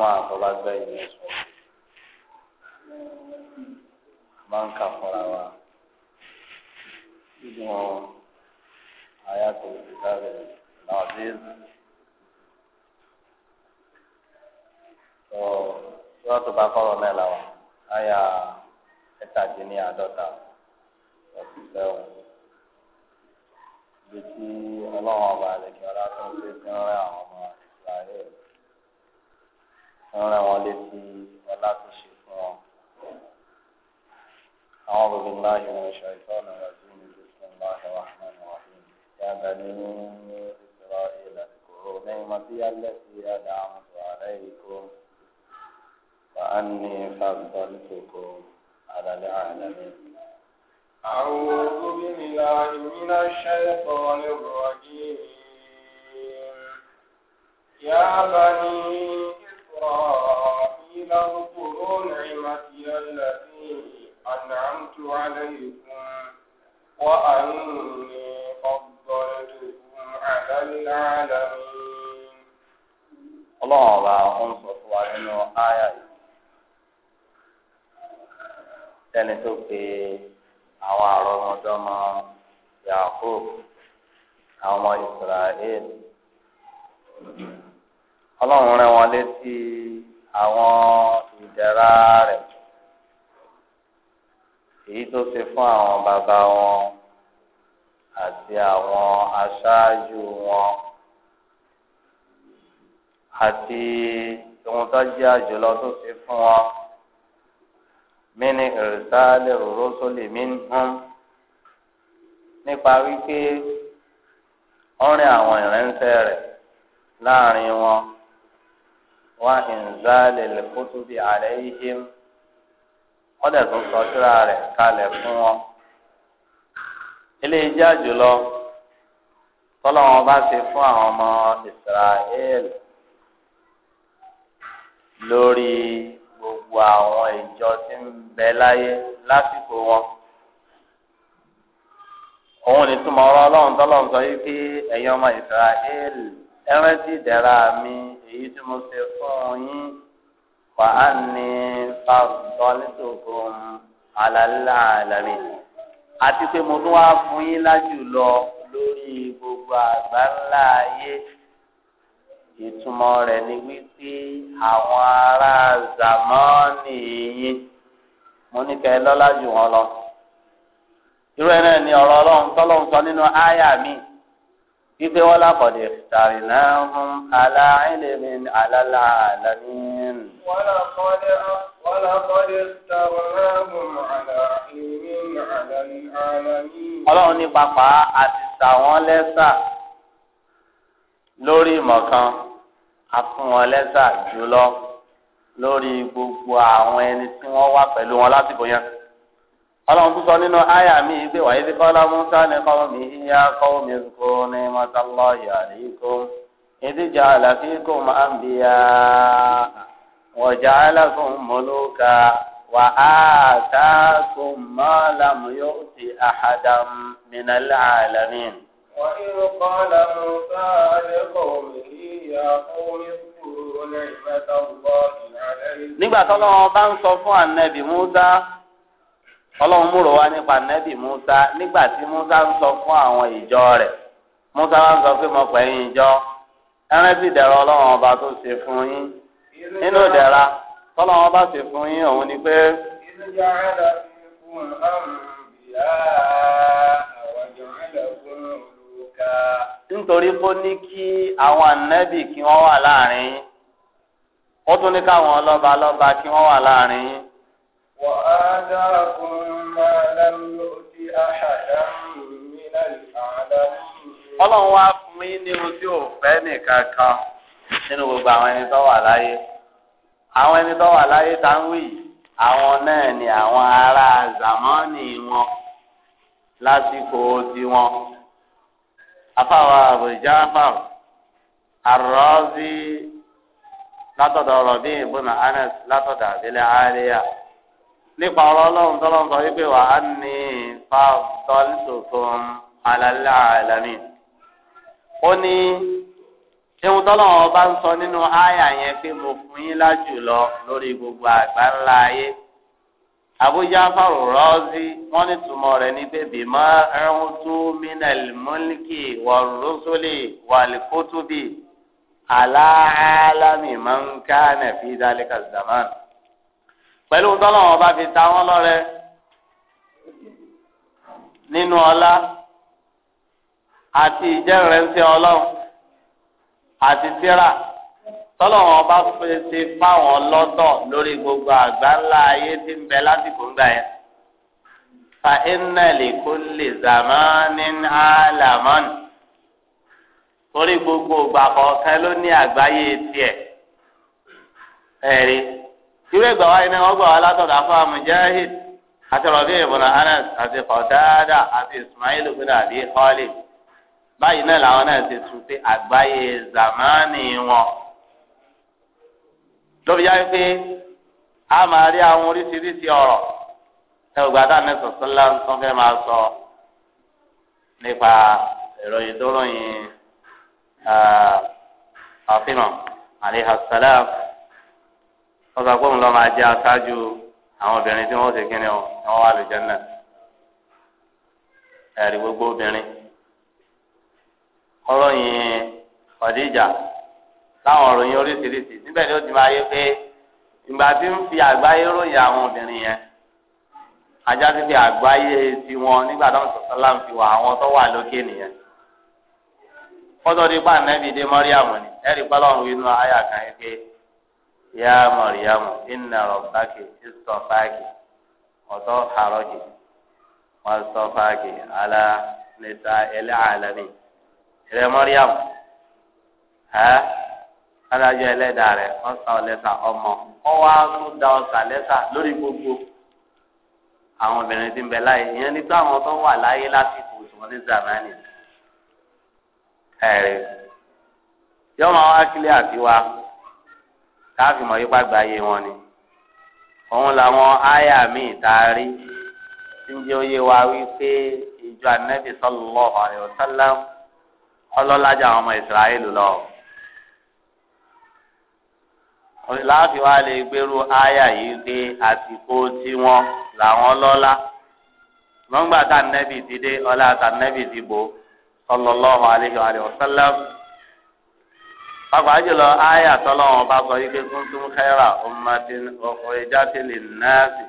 jùmọ̀ àtọ́lágbẹ́yìn ní oṣù máa ń kà fún. هي التي أنعمت عليكم وأني فضلتكم على العالمين أعوذ بالله من الشيطان الرجيم يا بني إسرائيل اذكروا نعمتي التي أنعمت عليكم وأني فضلتكم على العالمين ọlọ́run ọba ń sọ fún wa nínú àyà yìí sẹ́ni tó pe àwọn àrọ́mọdọ́mọ Yakub àwọn ọmọ Israel ọlọ́run rán wọn létí àwọn ìdẹ̀ra rẹ̀ èyí tó ṣe fún àwọn bàbá wọn àti àwọn aṣáájú wọn àti ohun tó jẹ́ àjùlọ tó ṣe fún wọn mini ìrìsálẹ̀ rusuli minhum nípa wípé ọ̀rìn àwọn ìrẹ́nsẹ́ rẹ̀ láàrin wọn wá ìnzálẹ̀ lẹ́kọ́tùbí alayhim ọ̀dẹ̀ tó sọ síra rẹ̀ kalẹ̀ fún wọn. ilé ìjà jùlọ tọ́lọ́wọ́n bá ṣe fún àwọn ọmọ Israẹli lórí gbogbo àwọn ìjọ tí ń bẹ láyé lásìkò wọn òun ní túmọ̀ ọ̀rọ̀ ọlọ́run tọ́lọ́run sọ yìí pé ẹ̀yin ọmọ ìsirahéèlì ẹran sì dẹ̀ra mi èyí tí mo ṣe fún yín wà á ní fàtọ́lítòkun alálà àlàmì àti pé mo tún wá fún yín lájù lọ lórí gbogbo àgbáńlá ayé ìtumọ̀ rẹ̀ ni wípé àwọn ará zamani yín mo ní kẹ́ ẹ lọ́lá jù wọn lọ. irú ẹ̀ náà ni ọ̀rọ̀ ọlọ́run tọ́lọ́run sọ nínú àyà mi wípé wọ́n lákọ̀dé tàrínàhùn aláìlèmí alálàálàmín. wọ́n lákọ̀dé wọ́n lákọ̀dé tàrínàhùn aláìlèmí alálàálàmín. ọlọ́run ní pàpà àti sàwọn lẹ́sà lórí ìmọ̀ kan afún wọn lẹ́sà jùlọ lórí gbogbo àwọn ẹni tí wọ́n wá pẹ̀lú wọn lásìkò yẹn. ọlọ́run tó sọ nínú àyà mi ìgbé wàyí ti kọ́lá musa ní kọ́ mi yíyá kọ́ mi kó ní mọ́tàlọ́ yàrá ikó ìdíjà àlàfíkò máa ń bíyà wọ̀jà alákùn mọ́lúkà wà á ta kò mọ́ làmúyọ́ ti àhàdàm mìnàlá àlámìn. وإذ قال موسى لقومه يا قوم اذكروا نعمة الله عليكم nígbà tọ́lọ́wọ́ bá ń sọ fún ànábì Musa ọlọ́run múrò wá nípa ànábì Musa nígbà tí Musa ń sọ fún àwọn ìjọ rẹ̀ Musa wá ń sọ pé mo pè ìjọ ẹran sì dẹ̀rọ ọlọ́run ọba tó ṣe fún yín nínú ìdẹ̀ra tọ́lọ́run ọba ṣe fún yín òun ni pé. ìlú yàrá rẹ̀ fi fún ọ̀hún bìyà. nítorí kó ní kí àwọn ànábì kí wọ́n wà láàrin yín ó tún ní káwọn ọlọ́ba lọ́ba kí wọ́n wà láàrin yín. wà á dáa fún ma a ṣàṣà mí lẹ́nu àádá. ọlọ́run wá fún mi ní ohun tí ò fẹ́ nìkan kan nínú gbogbo àwọn ẹni tó wà láyé àwọn ẹni tó wà láyé tá ń wí àwọn náà ni àwọn ará zamani wọn lásìkò afáwa Abu Ja'far Ar-Razi látọ̀dọ̀ Rabi ibn Anas látọ̀dọ̀ àbílẹ̀ àríyá nípa ọ̀rọ̀ ọlọ́run tọ́lọ́run sọ wípé wà á ní fàtọ́lítòkun alálẹ́ àlámì. ó ní ihun tọ́lọ́run ọba ń sọ nínú àyà yẹn pé mo fún yín lájùlọ lórí gbogbo àgbáńlá ayé. Abu Ja'far Razi wọ́n ní túmọ̀ rẹ̀ ní bèbè má ẹ̀rùn tó minal mulki wal rusuli wal kutubi ala alami man kana fi dhalika zaman. pẹ̀lú tọ́lọ́wọ́n bá fi ta wọ́n lọ́rẹ nínú ọlá àti ìjẹ́rìí ọlọ́run àti tíra. tọ́lọ́wọ́n ọba fèsì fáwọn lọ́tọ̀ lórí gbogbo àgbáńlá ayé tí ń bẹ lásìkò ń gbà yẹn. fa inna li kulli zamanin alaman torí gbogbo ìgbà kọ̀ọ̀kan ló ní àgbáyé tiẹ̀ ẹ̀rí irú ìgbà wáyé náà wọ́n gbà wá àti àti àti Ismail báyìí náà làwọn náà ti zamani wọn. lóbi yá pé a máa rí àwọn oríṣiríṣi ọ̀rọ̀ ẹ ò gbàdá ní sọ̀sọ́lá tó fẹ́ máa sọ nípa ìròyìn tó ròyìn àfihàn àlehàsálàm wọ́n sọ pé òun lọ́ máa jẹ́ aṣáájú àwọn obìnrin tí wọ́n ṣe kíni ọ ni wọ́n wà lójẹ́ náà ẹ̀rí gbogbo obìnrin ọ̀rọ̀ yìí Khadija. láwọn òròyìn oríṣiríṣi síbẹ̀ ni ó ti máa yé pé ìgbà tí ń fi àgbáyé ròyìn àwọn obìnrin yẹn ajá ti fi àgbáyé tiwọn nígbà tó ń sọ̀tọ́ fi wà àwọn tó wà lókè nìyẹn kọ́tọ́ pa nẹ́bí dé ni ẹ̀rí pálọ̀rùn inú ayà kan pé yá mọ̀ríàmù inna rabbaki istafaki adájọ́ ẹlẹ́dàá rẹ̀ ọ̀sà ọ̀lẹ́sà ọmọ ọwọ́ àtúndà ọ̀sà lẹ́sà lórí gbogbo àwọn obìnrin tí ń bẹ láyé ìyẹn ní pé àwọn tó wà láyé lásìkò òṣùwọ̀n ní zamani ẹ̀rí yọ́n máa wá kílé àti wa káfí mọ̀ yípa gba ayé wọn ni òun làwọn àyà míì tá tí ń jẹ́ oyé wa wípé ìjọ ànábì sallallahu alaihi wasallam ọlọ́lájà ọmọ ìsirayélu lọ́wọ́ òní láàfin wa lè gbèrú àyà yìí pé àsìkò tiwọn làwọn lọ́lá nọ́ngbà tá nẹ́bì ti dé ọlá tá nẹ́bì ti bò sallallahu alaihi wa sallam pàápàá jùlọ àyà tọ́lọ́wọ́n bá sọ yìí pé kuntum khayra ummatin ukhrijat lin-nasi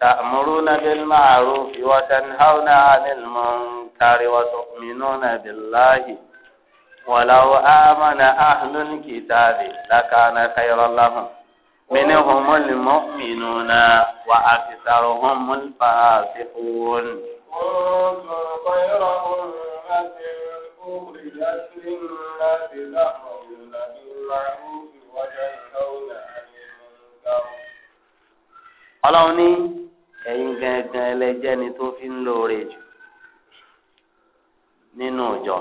ta'muruna bil-ma'rufi wa tanhawna 'anil munkari wa tu'minuna billahi. ولو آمن أهل الكتاب لكان خيرا لهم منهم المؤمنون وأكثرهم الفاسقون كنتم خير أمة أخرجت للناس تأمرون بالمعروف وتنهون Ọlọ́run ní ẹ̀yin gangan ẹlẹ́jẹ́ ni tó fi ń lóore jù nínú ìjọ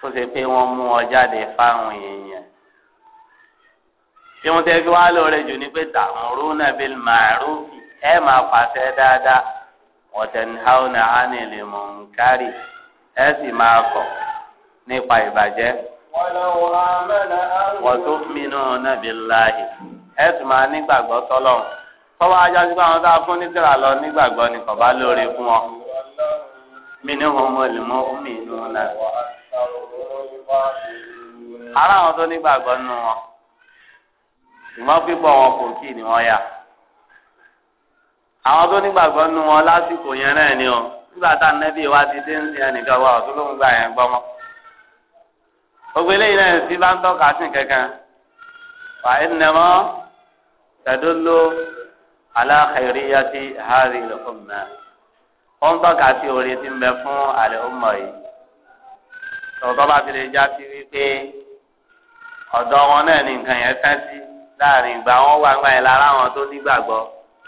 tó ṣe pé wọ́n mú ọ jáde fáwọn èèyàn tí wọ́n tẹ́ fi wá lóore jù ní pé ta'muruna bil ma'ruf ẹ máa pàṣẹ dáadáa wa tanhauna 'anil munkari ẹ sì máa kọ̀ nípa ìbàjẹ́. wa tu'minuna billahi ẹ sì máa nígbàgbọ́ sọ́lọ́run tọ́wọ́ ajá sí pé tá a fún ní lọ nígbàgbọ́ ni kò bá lóore fún ọ. minhumul mu'minuna ara àwọn tó nígbàgbọ́ nù wọn ṣùgbọ́n pípọ̀ wọn kò kí ni wọ́n yà àwọn tó nígbàgbọ́ nù wọn lásìkò yẹn náà ni o nígbà tá nẹ́bí wa ti dé ń sin ẹnìkan wa ọ̀tún ló ń gbà yẹn gbọ́mọ. gbogbo eléyìí náà sí bá ń tọ́ka sí kankan wà á nà mọ́ tẹ̀dọ́lọ́ aláxẹ̀ríyàtì hàrí lọ́kùnrin náà ó ń tọ́ka sí orí ti ń bẹ fún àlẹ́ ọmọ yìí tọ́tọ́ bá ti lè já sí wípé ọ̀dọ́ wọn náà ní nǹkan yẹn fẹ́ sí láàrin ìgbà wọn wà gbà yẹn lára àwọn tó nígbàgbọ́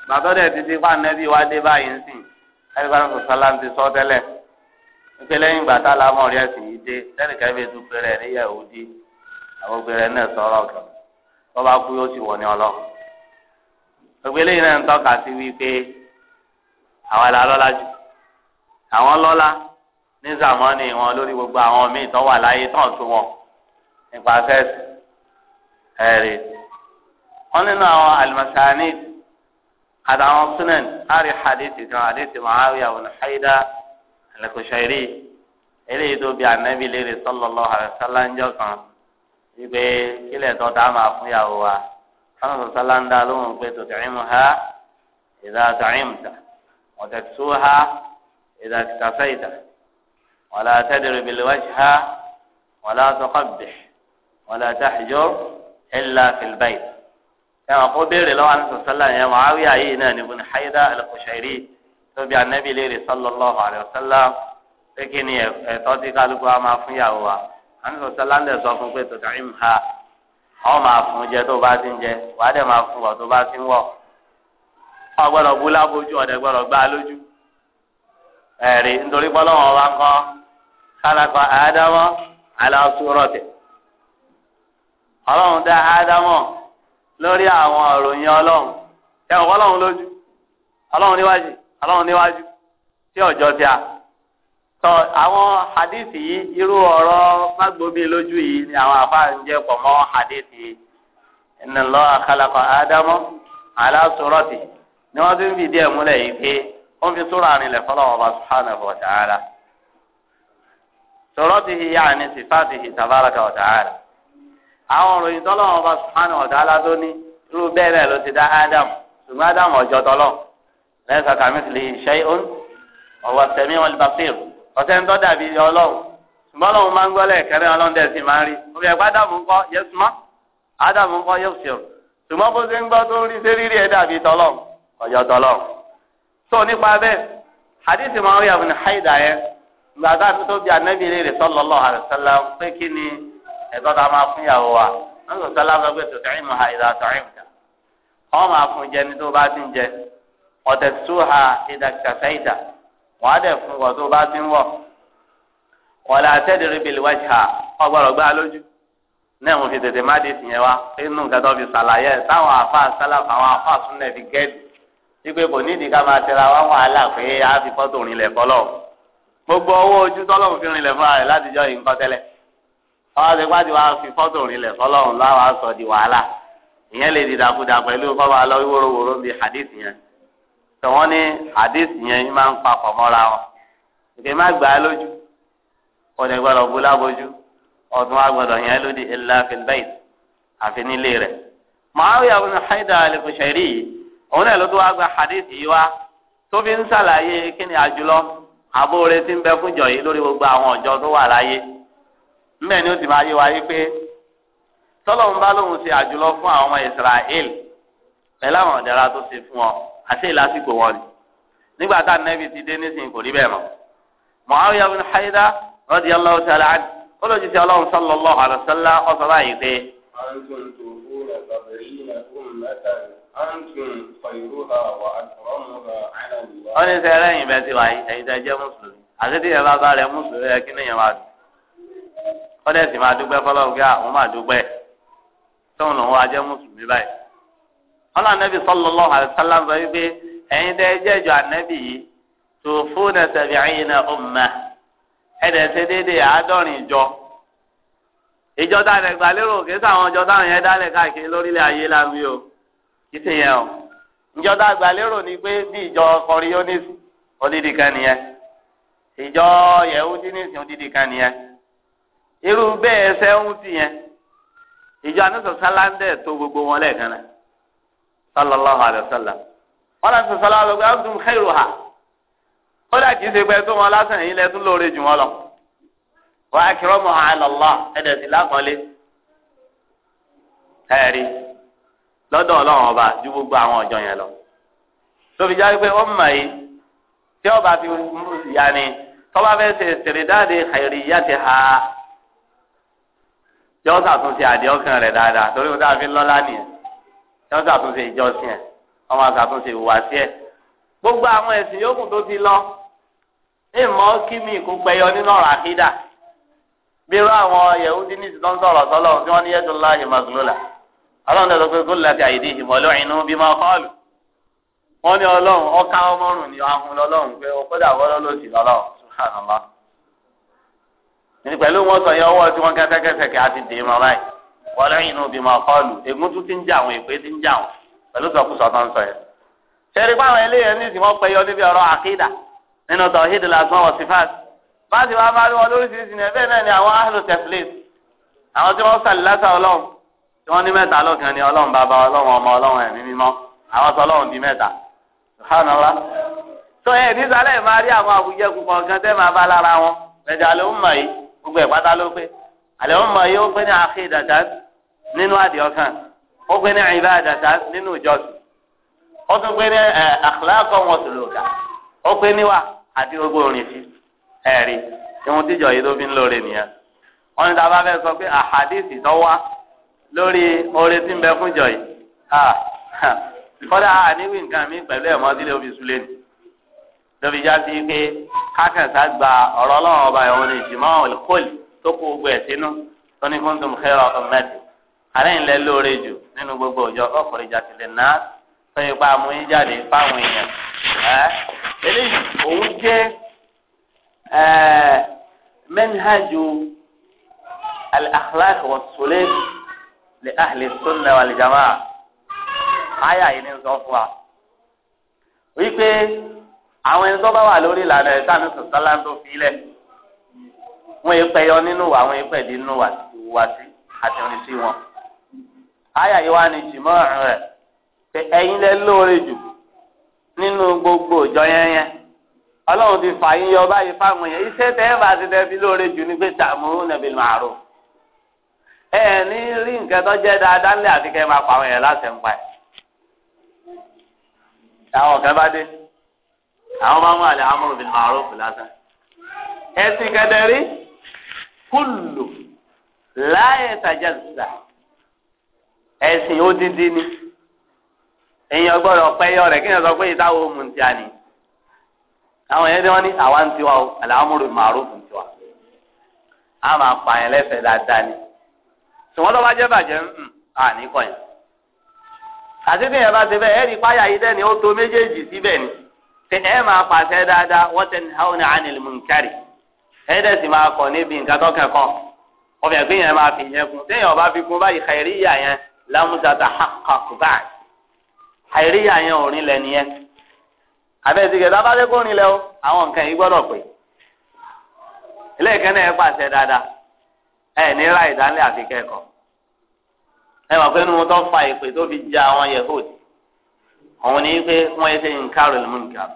gbàtọ́ dẹ̀ ti ti wá dé báyìí ń sìn ẹgbẹ́rún sọ̀sálà ti sọ tẹ́lẹ̀ wípé lẹ́yìn ìgbà tá lámọ̀ rí ẹ̀sìn yìí dé tẹ́nìkan fi tún péré ní Yahudi àwọn péré náà sọ̀rọ̀ kan wọ́n bá kú yóò sì wọ̀ ní ọlọ́run gbogbo eléyìí náà ń tọ́ka sí wípé àwọn làlọ́lá jù àwọn lọ́lá ní sàmọ́nì wọn lórí gbogbo àwọn míì tó wà láyé tó ń sún wọn nípa fẹ́ẹ̀sì ẹ̀rí. wọ́n nínú àwọn alimọ̀sáni àtàwọn sunan ari hadithi kan hadithi muawiya wọn haida alakushairi eléyìí tó bi anabi léèrè sallallahu alaihi wasallam ńjọ kan wípé kílẹ̀ tó dá máa fún yàwó wa sọlọ́lọ́ sọlá ń dá lóhùn pé tut'imuha idha ta'imta wa taksuha idha iktasayta. ولا تدر بالوجه ولا تقبح ولا تحجر إلا في البيت كما قبر لو أن صلى الله عليه معاوية أينا بن حيدة القشيري تبع النبي ليري صلى الله عليه وسلم لكن يتوتي قالوا ما فيا هو أن صلى الله عليه وسلم تطعمها ọ máa fún jẹ tó bá ti ń jẹ wàá dẹ̀ máa fún wọ tó bá ti ń wọ ọgbọ́dọ̀ bú lábójú ọ̀dẹ̀ gbọ́dọ̀ gbá kálákọ̀ àádámọ́ aláṣúrọ̀tẹ̀. ọlọ́run dá àádámọ́ lórí àwọn òròyìn ọlọ́run ẹ ò ọlọ́run lójú ọlọ́run níwájú ọlọ́run níwájú tí ọjọ́ ti à. tọ àwọn hadith yìí irú lójú yìí ni àwọn hadith yìí. ni ti ń fìdí yìí pé ó ń sọ̀rọ̀tìhì yaani sìfàtìhì tàbáraka ọ̀tàhárà. àwọn òròyìn tọ́lọ́wọ́n ọba sùpánù ọ̀tàhálà tó ní irú bẹ́ẹ̀ bẹ́ẹ̀ ló ti dá Adam ṣùgbọ́n Adam ọ̀jọ́ tọ́lọ́ lẹ́sà kàmísìlì ṣẹ́ ọ́n ọ̀wọ́ sẹ́mi wọn bàfíìr ọ̀sẹ̀ ń tọ́jà bíi ọlọ́run ṣùgbọ́n ọlọ́run máa ń gbọ́ lẹ́ẹ̀kẹ́rẹ́ ọlọ́run dẹ̀ sì máa ń rí omi ẹ̀gbọ́n Adam ń kọ́ yẹ́sùmọ́ gbàtà tó tóbi anabi rere sallallahu alaihi wasallam pé kí ni ẹ̀tọ́ tá a máa fún ìyàwó wa wọn sọ sọlá sọ pé tòtò ìmọ ha ìdá tòtò ìmọ ta wọn máa fún jẹ ní tó bá ti ń jẹ ọtẹ tó ha ìdá kàtà ìdá wọn á dẹ fún wọn tó bá ti ń wọ wọn lè àtẹ́dẹ̀rẹ́ bèlè wájú ha ọgbọ́dọ̀ gbá lójú náà mo fi tètè má dé tìyẹn wa inú nǹkan tó fi ṣàlàyé táwọn àfa sálàfà àwọn àfa súnlẹ̀ fi gẹ́ẹ̀dì wípé kò nídìí ká máa tẹra wá wọn pé á fi fọ́tò rìnlẹ̀ fọlọ́ọ̀ gbogbo owó ojú tọ́lọ́run fi rinlẹ̀ fún ààrẹ láti jọ ìǹkan tẹ́lẹ̀ ọwọ́ ti pàdé wa fi fọ́tò rinlẹ̀ fọlọ́run láwa sọ di wàhálà ìyẹn lè dìdàkudà pẹ̀lú kọ́ba lọ wíwòrowòro bíi hadith yẹn tọ́wọ́n ní hadith yẹn máa ń papọ̀ mọ́ra wọn ìpè má gbà lójú ọ̀dẹ̀ gbọ́dọ̀ bú lábojú ọ̀tún wa gbọ́dọ̀ yẹn lódì ilà filbait àfi nílé rẹ̀ Muawiya ibn Haida al yìí òun náà ló tó wá gba hadith yìí wá tó fi ń sàlàyé kí àjùlọ àbóore ti ń bẹ fúnjọ yìí lórí gbogbo àwọn ọjọ́ tó wà láyé mbẹ ni ó ti máa yé wáyé pé tọlọ́run bá lóun ṣe àjùlọ fún àwọn ọmọ Israel pẹ̀lú àwọn ọdẹra tó ṣe fún ọ àti ìlàsìkò wọn ni nígbà tá nẹbi ti dé nísìnyí kò rí bẹ́ẹ̀ mọ́ Muawiya bin Haida radiyallahu ta'ala anhu olójúṣe Ọlọ́run sallallahu alaihi wasallam ọsọ pé wọ́n ní sẹ́yìn lẹ́yìn bẹ́ẹ̀ ti wáyé ẹ̀yin tẹ́ jẹ́ mùsùlùmí àtẹ́tí yẹn bá bá rẹ̀ mùsùlùmí ẹ̀ kí nìyẹn máa dùn wọ́n dẹ̀ sì máa dúpẹ́ fọlọ́run kí àwọn máa dúpẹ́ tóun lòun wá jẹ́ mùsùlùmí báyìí. wọ́n lànà bí sọ́lọ́lọ́ àlùsálà sọ wípé ẹ̀yin tẹ́ jẹ́ jọ ànẹ́bì yìí tó fún ẹsẹ̀bì ẹ̀yin náà ó mọ̀ títí yẹn o ìjọba àgbàlérò ni pé bí ìjọ odidi kan nìyẹn ìjọ yẹwùdínìs odidi kan nìyẹn irú bẹ́ẹ̀ sẹ́hún ti yẹn ìjọ anúsọ sálándẹ̀ tó gbogbo wọn lẹ́ẹ̀kan sallallahu alayhi wa wọn sọ ó dà ṣe pé tó wọn lásán yìí lẹ́tún lóore jù wọn lọ á àlọ́lá lọ́dọ̀ ọlọ́run ọba ju gbogbo àwọn ọjọ́ yẹn lọ tóbi jáde pé ó mọ̀ yìí tí ọba fi yá ni tọ́ba fẹ́ ṣe ṣèrèdáde àìríyá ti ha yọ ṣàtúnṣe àdéhùn rẹ̀ dáadáa torí wọn dáa fi lọ́lá nìyẹn yọ ṣàtúnṣe ìjọsìn ẹ̀ ọmọ ṣàtúnṣe ìhùwàsí ẹ̀ gbogbo àwọn ẹ̀sìn yòókù tó ti lọ ìmọ̀ kí mi kò gbẹyọ nínú ọ̀rọ̀ àkídà bí irú àwọn yẹ̀wù dínísì tó ń sọ̀rọ̀ sọ́lọ́ tí wọ́n ní yẹ́dùn láàyè màgúlò là ọlọ́run tó sọ pé kó lọ́ọ́ ti àyè dé ìmọ̀lẹ́ ìnú bí máa kọ́ọ̀lù wọ́n ní ọlọ́run ọ̀ka ọmọrùn ni ahun lọ́lọ́run pé ọkọ́dà wọ́lọ́ ló sì lọ́lọ́run subhanallah ní pẹ̀lú wọn sọ yẹn ọwọ́ tí wọ́n kẹ́sẹ́kẹ́sẹ́ kí a ti dè é mọ́ báyìí wọ́lọ́ ìnú bí máa kọ́ọ̀lù ègún tún ti ń jà àwọn èpè ti ń jà wọn pẹ̀lú sọkúsọ tó ń sọ yẹn. sẹ́rí fáwọn eléyẹn ní wọ́n ní mẹ́ta lọ́kàn ni ọlọ́run bàbá ọlọ́run ọmọ ọlọ́run ẹ̀mí mímọ́ àwọn sọ ọlọ́run di mẹ́ta subhanallah tó ẹ̀ nísàlẹ̀ máa rí àwọn àwùjẹ kùkọ̀ kan tẹ́ máa bá lára wọn ẹ̀jẹ̀ àlẹ́ ń mọ̀ yìí gbogbo ẹ̀ pátá ló pé àlẹ́ ń mọ̀ yìí ó pé ní àfẹ́ ìdàdà nínú àdì ọkàn ó pé ní àyíká ìdàdà nínú ìjọsìn ó tún pé ní àkàlákọ̀ wọn sì lò ká ó pé níwà àti gbogbo orin ẹ̀rí ìhun lórí oore tí ń bẹ fún jọ yìí kọ́dà àníwì nǹkan mi pẹ̀lú ẹ̀mọ́ sílé òbí sulé ni lóbi já sí pé kákẹ́sà gba ọ̀rọ̀ ọlọ́run ọba ìwọ̀n ní ìjìmọ́ ìkólì tó kó gbogbo ẹ̀ sínú tó ní kóńtùm xẹ́rọ̀ ọ̀mẹ́tì àlẹ́yìn lẹ lóore jù nínú gbogbo òjò ọkùnrin jàkìlẹ̀ náà sọyìn pa àmúyín jáde fáwọn èèyàn eléyìí òun jẹ́ mẹ́nhàjù al-akhlaq wa li ahli sunna wal jamaa àyà yìí ni ń sọ fún wa wípé àwọn ẹni tó bá wà lórí ìlànà ẹ̀ka ní sọ̀tàlá tó fi lẹ̀ wọ́n yẹ pẹ̀yọ nínú wa wọ́n yẹ pẹ̀dí nínú wa wá sí àti rìn sí wọn. àyà yìí wá ní jìmọ̀ rẹ̀ pé ẹ̀yin lẹ lóore jù nínú gbogbo ìjọ yẹn yẹn ọlọ́run ti fà yín yọ báyìí fáwọn yẹn iṣẹ́ tẹ́ ẹ bá ti tẹ́ fi lóore jù ní pé tààmú nàbí màrún ẹ ní rí nǹkan tó jẹ́ dáadáa ńlẹ̀ àti kẹ́ máa pa àwọn èèyàn láti ń pa ẹ̀. àwọn kan bá dé àwọn máa mú àlẹ́ amúrò bíi màrún fún lásán. ẹ̀sìn kẹtẹ kúlù láyé tàjà zà odindi ni èèyàn gbọ́dọ̀ kí ni sọ pé ìdáwó mu ti àwọn yẹn ní àwa ń tiwa o àlẹ́ amúrò bíi tiwa. a máa pa àyẹ̀lẹ́fẹ̀ẹ́ dáadáa ni. ṣùgbọ́n tó bá jẹ́ bàjẹ́ ń àní àti bí ẹ bá ṣe bẹ́ẹ̀ ẹ rí páyà yìí dẹ́ni ó tó méjèèjì síbẹ̀ ni ṣe ẹ máa pàṣẹ dáadáa wọ́n ní àwọn ẹ dẹ̀ sì máa kọ̀ níbi nǹkan tó ọbẹ̀ yẹn máa fi yẹn kún ọba fi kún báyìí yẹn yẹn ò nìyẹn o àwọn nǹkan yìí gbọ́dọ̀ pé ilé ìkẹ́ni ẹ ní ra ìdálẹ́ àfi kẹ́kọ̀ọ́ ẹ wà pé inú wọn tó fa ìpè tó fi jẹ àwọn yehud òun ní pé wọn ṣe ń kárò lè mú nǹkan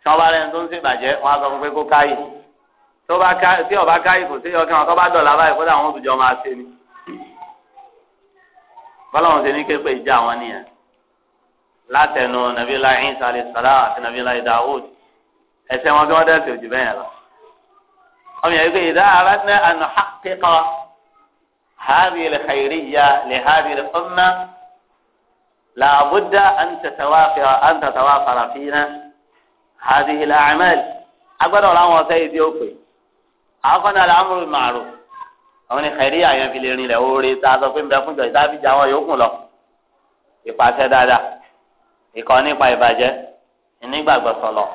tí wọn bá rẹ tó ń ṣèbàjẹ́ wọn á sọ fún pé kó káyì tó bá ká tí ọba káyì kò sí ọkàn wọn tó bá dọ̀là báyìí kódà wọn òtújọ máa ṣe ni bọ́láwọn ṣe ní képe ìjà àwọn nìyẹn látẹnu nàbílá Ìsá alayhi salam àti nàbílá Dáúdù ẹsẹ wọn tí wọn dẹ́sẹ̀ òjì bẹ́yẹn lọ ọmọ yẹn pé ìdá aráàlú àná kíkọ hàbí lẹ́kàìríyà lẹ́hàbí lẹ́fọ́nà làbúdà àǹtàtàwà fàràfínà hàbí làmẹ́lì agbọ́dọ̀ làwọn ọ̀sẹ̀ yìí tí ó pè àkọ́nà làmúrù màrú àwọn ní kàìríyà yẹn fi lè rìn lẹ̀ oore tá a sọ pé ń bẹ fúnjọ ìdábìjà wọn yòókù lọ ìpàṣẹ dáadáa ìkọ́ nípa ìbàjẹ́ ìnígbàgbọ́sọ lọ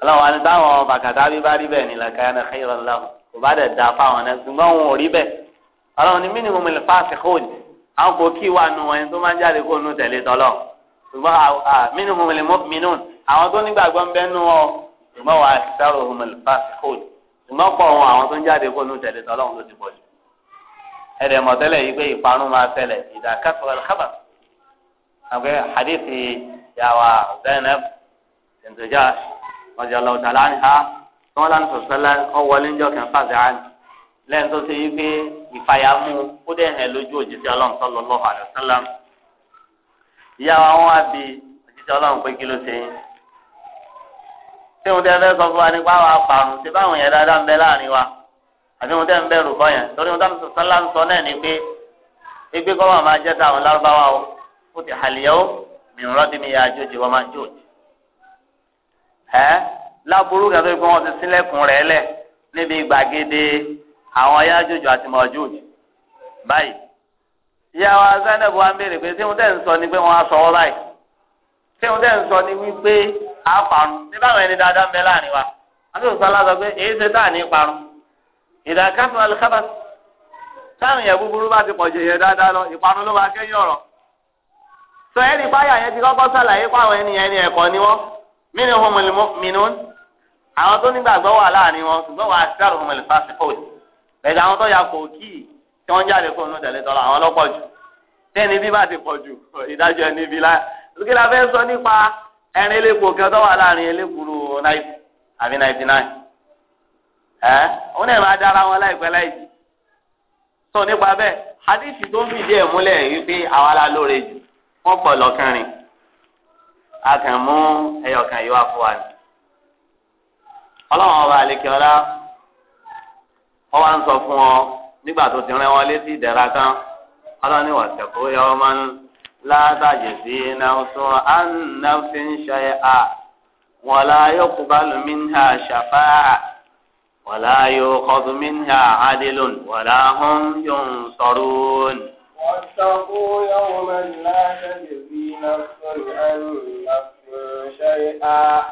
ọlọ́wọ́ àti táwọn bàkàtà bí bá rí bẹ́ẹ̀ ni làkàyàn khayran lahum kò bá dẹ̀ da fáwọn náà ṣùgbọ́n wọn ò rí bẹ́ẹ̀ ọlọ́wọ́ ni mínú mi lè fáṣẹ kóòdì àwọn kò kí wà nù wọn ẹni tó máa ń jáde kó nù tẹ̀lé tọ́lọ̀ ṣùgbọ́n mínú mi lè mọ́mínú àwọn tó nígbàgbọ́ ń bẹ́ nù ọ ṣùgbọ́n wà á sẹ́rò mi lè fáṣẹ kóòdì ṣùgbọ́n pọ̀ wọn àwọn tó ń jáde kó nù tẹ̀lé tọ́lọ̀ ló ti pọ̀ jù ọjà lọ́ọ̀tà láàrin ha tí wọ́n lánàá sọ̀sẹ́lá ọ̀wọ́lé ń jọ kẹ́ ń fàṣẹ àná lẹ́yìn tó ṣe wípé ìfàyà mú ó dẹ̀ hẹ̀ lójú òjíṣẹ́ ọlọ́run sallallahu alaihi wasallam ìyá wa wọn á bi òjíṣẹ́ ọlọ́run pé kí ló ṣe yín tí wọn tẹ́ fẹ́ sọ fún wa nípa àwọn apàrùn ṣe báwọn yẹn dáadáa ń bẹ láàrin wa àbí wọn tẹ́ ń bẹ̀rù kọ́ yẹn torí wọn dáná sọ̀sẹ́lá ń sọ náà ni pé ẹ láburú kẹtọ yìí pé wọn ti sílẹ̀kùn rẹ lẹ níbi gbàgede àwọn Yájújù àti Májújù báyìí ìyá wa Zainab wa ń béèrè pé tí wọn tẹ̀ ń sọ ni pé wọn á sọ ọ báyìí tí wọn tẹ̀ ń sọ ni wípé á parun ní báwọn ẹni dáadáa ń bẹ láàrin wa àtúntò sọlá sọ pé èyí ṣe tá à ní parun ìdàkàtúntò alikaba táwọn yẹn búburú bá ti pọ̀ jù yẹn dáadáa lọ ìparun ló máa kẹ́yìn ọ̀rọ̀ sọ ẹni báyà yẹn ti kọ́kọ́ sàlàyé fáwọn ẹni yẹn ni ẹ̀kọ́ ni wọ́n minhumul mu'minun àwọn tó nígbàgbọ́ wà láàrin wọn ṣùgbọ́n wà á sáré ọmọ ìlúfà sí fòdì bẹ́ẹ̀ àwọn tó ya kò kí tí wọ́n jáde fún un tẹ̀lé tọ́lá àwọn lọ́pọ̀ jù tẹ́ni bí bá ti pọ̀ jù ìdájọ́ ẹni bí láyà lókè la fẹ́ sọ nípa ẹrin elépo kan tó wà láàrin elépuru náìtì àbí náìtì náì ẹ òun náà máa dára wọn láìpẹ́ láìjì sọ nípa bẹ́ẹ̀ hadithi tó fìdí ẹ̀ múlẹ̀ wípé àwa la lóore jù wọ́n pọ̀ lọ́kànrin a kàn mú ẹyọkàn yìí wá fún wa ni ọlọ́run ọba àlekèọ́lá wọ́n wá ń sọ fún ọ nígbà tó ti rán wọn létí ìdẹ̀ra kan ọlọ́run ní wàṣẹ̀kó yọ ọmọ látàjẹ̀ sí nàṣọ ànàfin ṣe à wọn là yóò kú bálùmí ní àṣàfà wọn là yóò kọ́tùmí ní àádìlún wọn là hàn yóò ń sọ̀rọ̀ ní. واتقوا يوما لا تجزي نفس عن نفس شيئا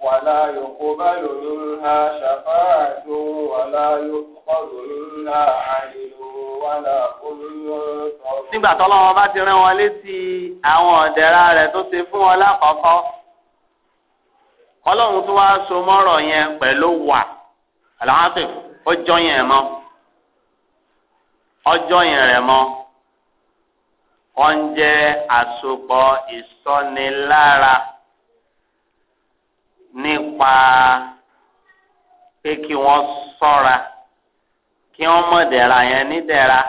ولا يقبل منها شفاعة ولا يؤخذ منها عدل ولا هم ينصرون. nígbà tọ́lọ́wọ́ bá ti rán wọn létí àwọn ọ̀dẹ́ra rẹ̀ tó ṣe fún wọn lákọ̀ọ́kọ́ ọlọ́run tó wáá so mọ́rọ̀ yẹn pẹ̀lú wà aláǹtẹ̀ ọjọ́ yẹn mọ́ ọjọ́ yẹn rẹ̀ mọ́ wọ́n jẹ́ àsopọ̀ ìsọnilára nípa pé kí wọ́n sọ́ra kí wọ́n mọ̀ dẹ̀ra yẹn ní dẹ̀ra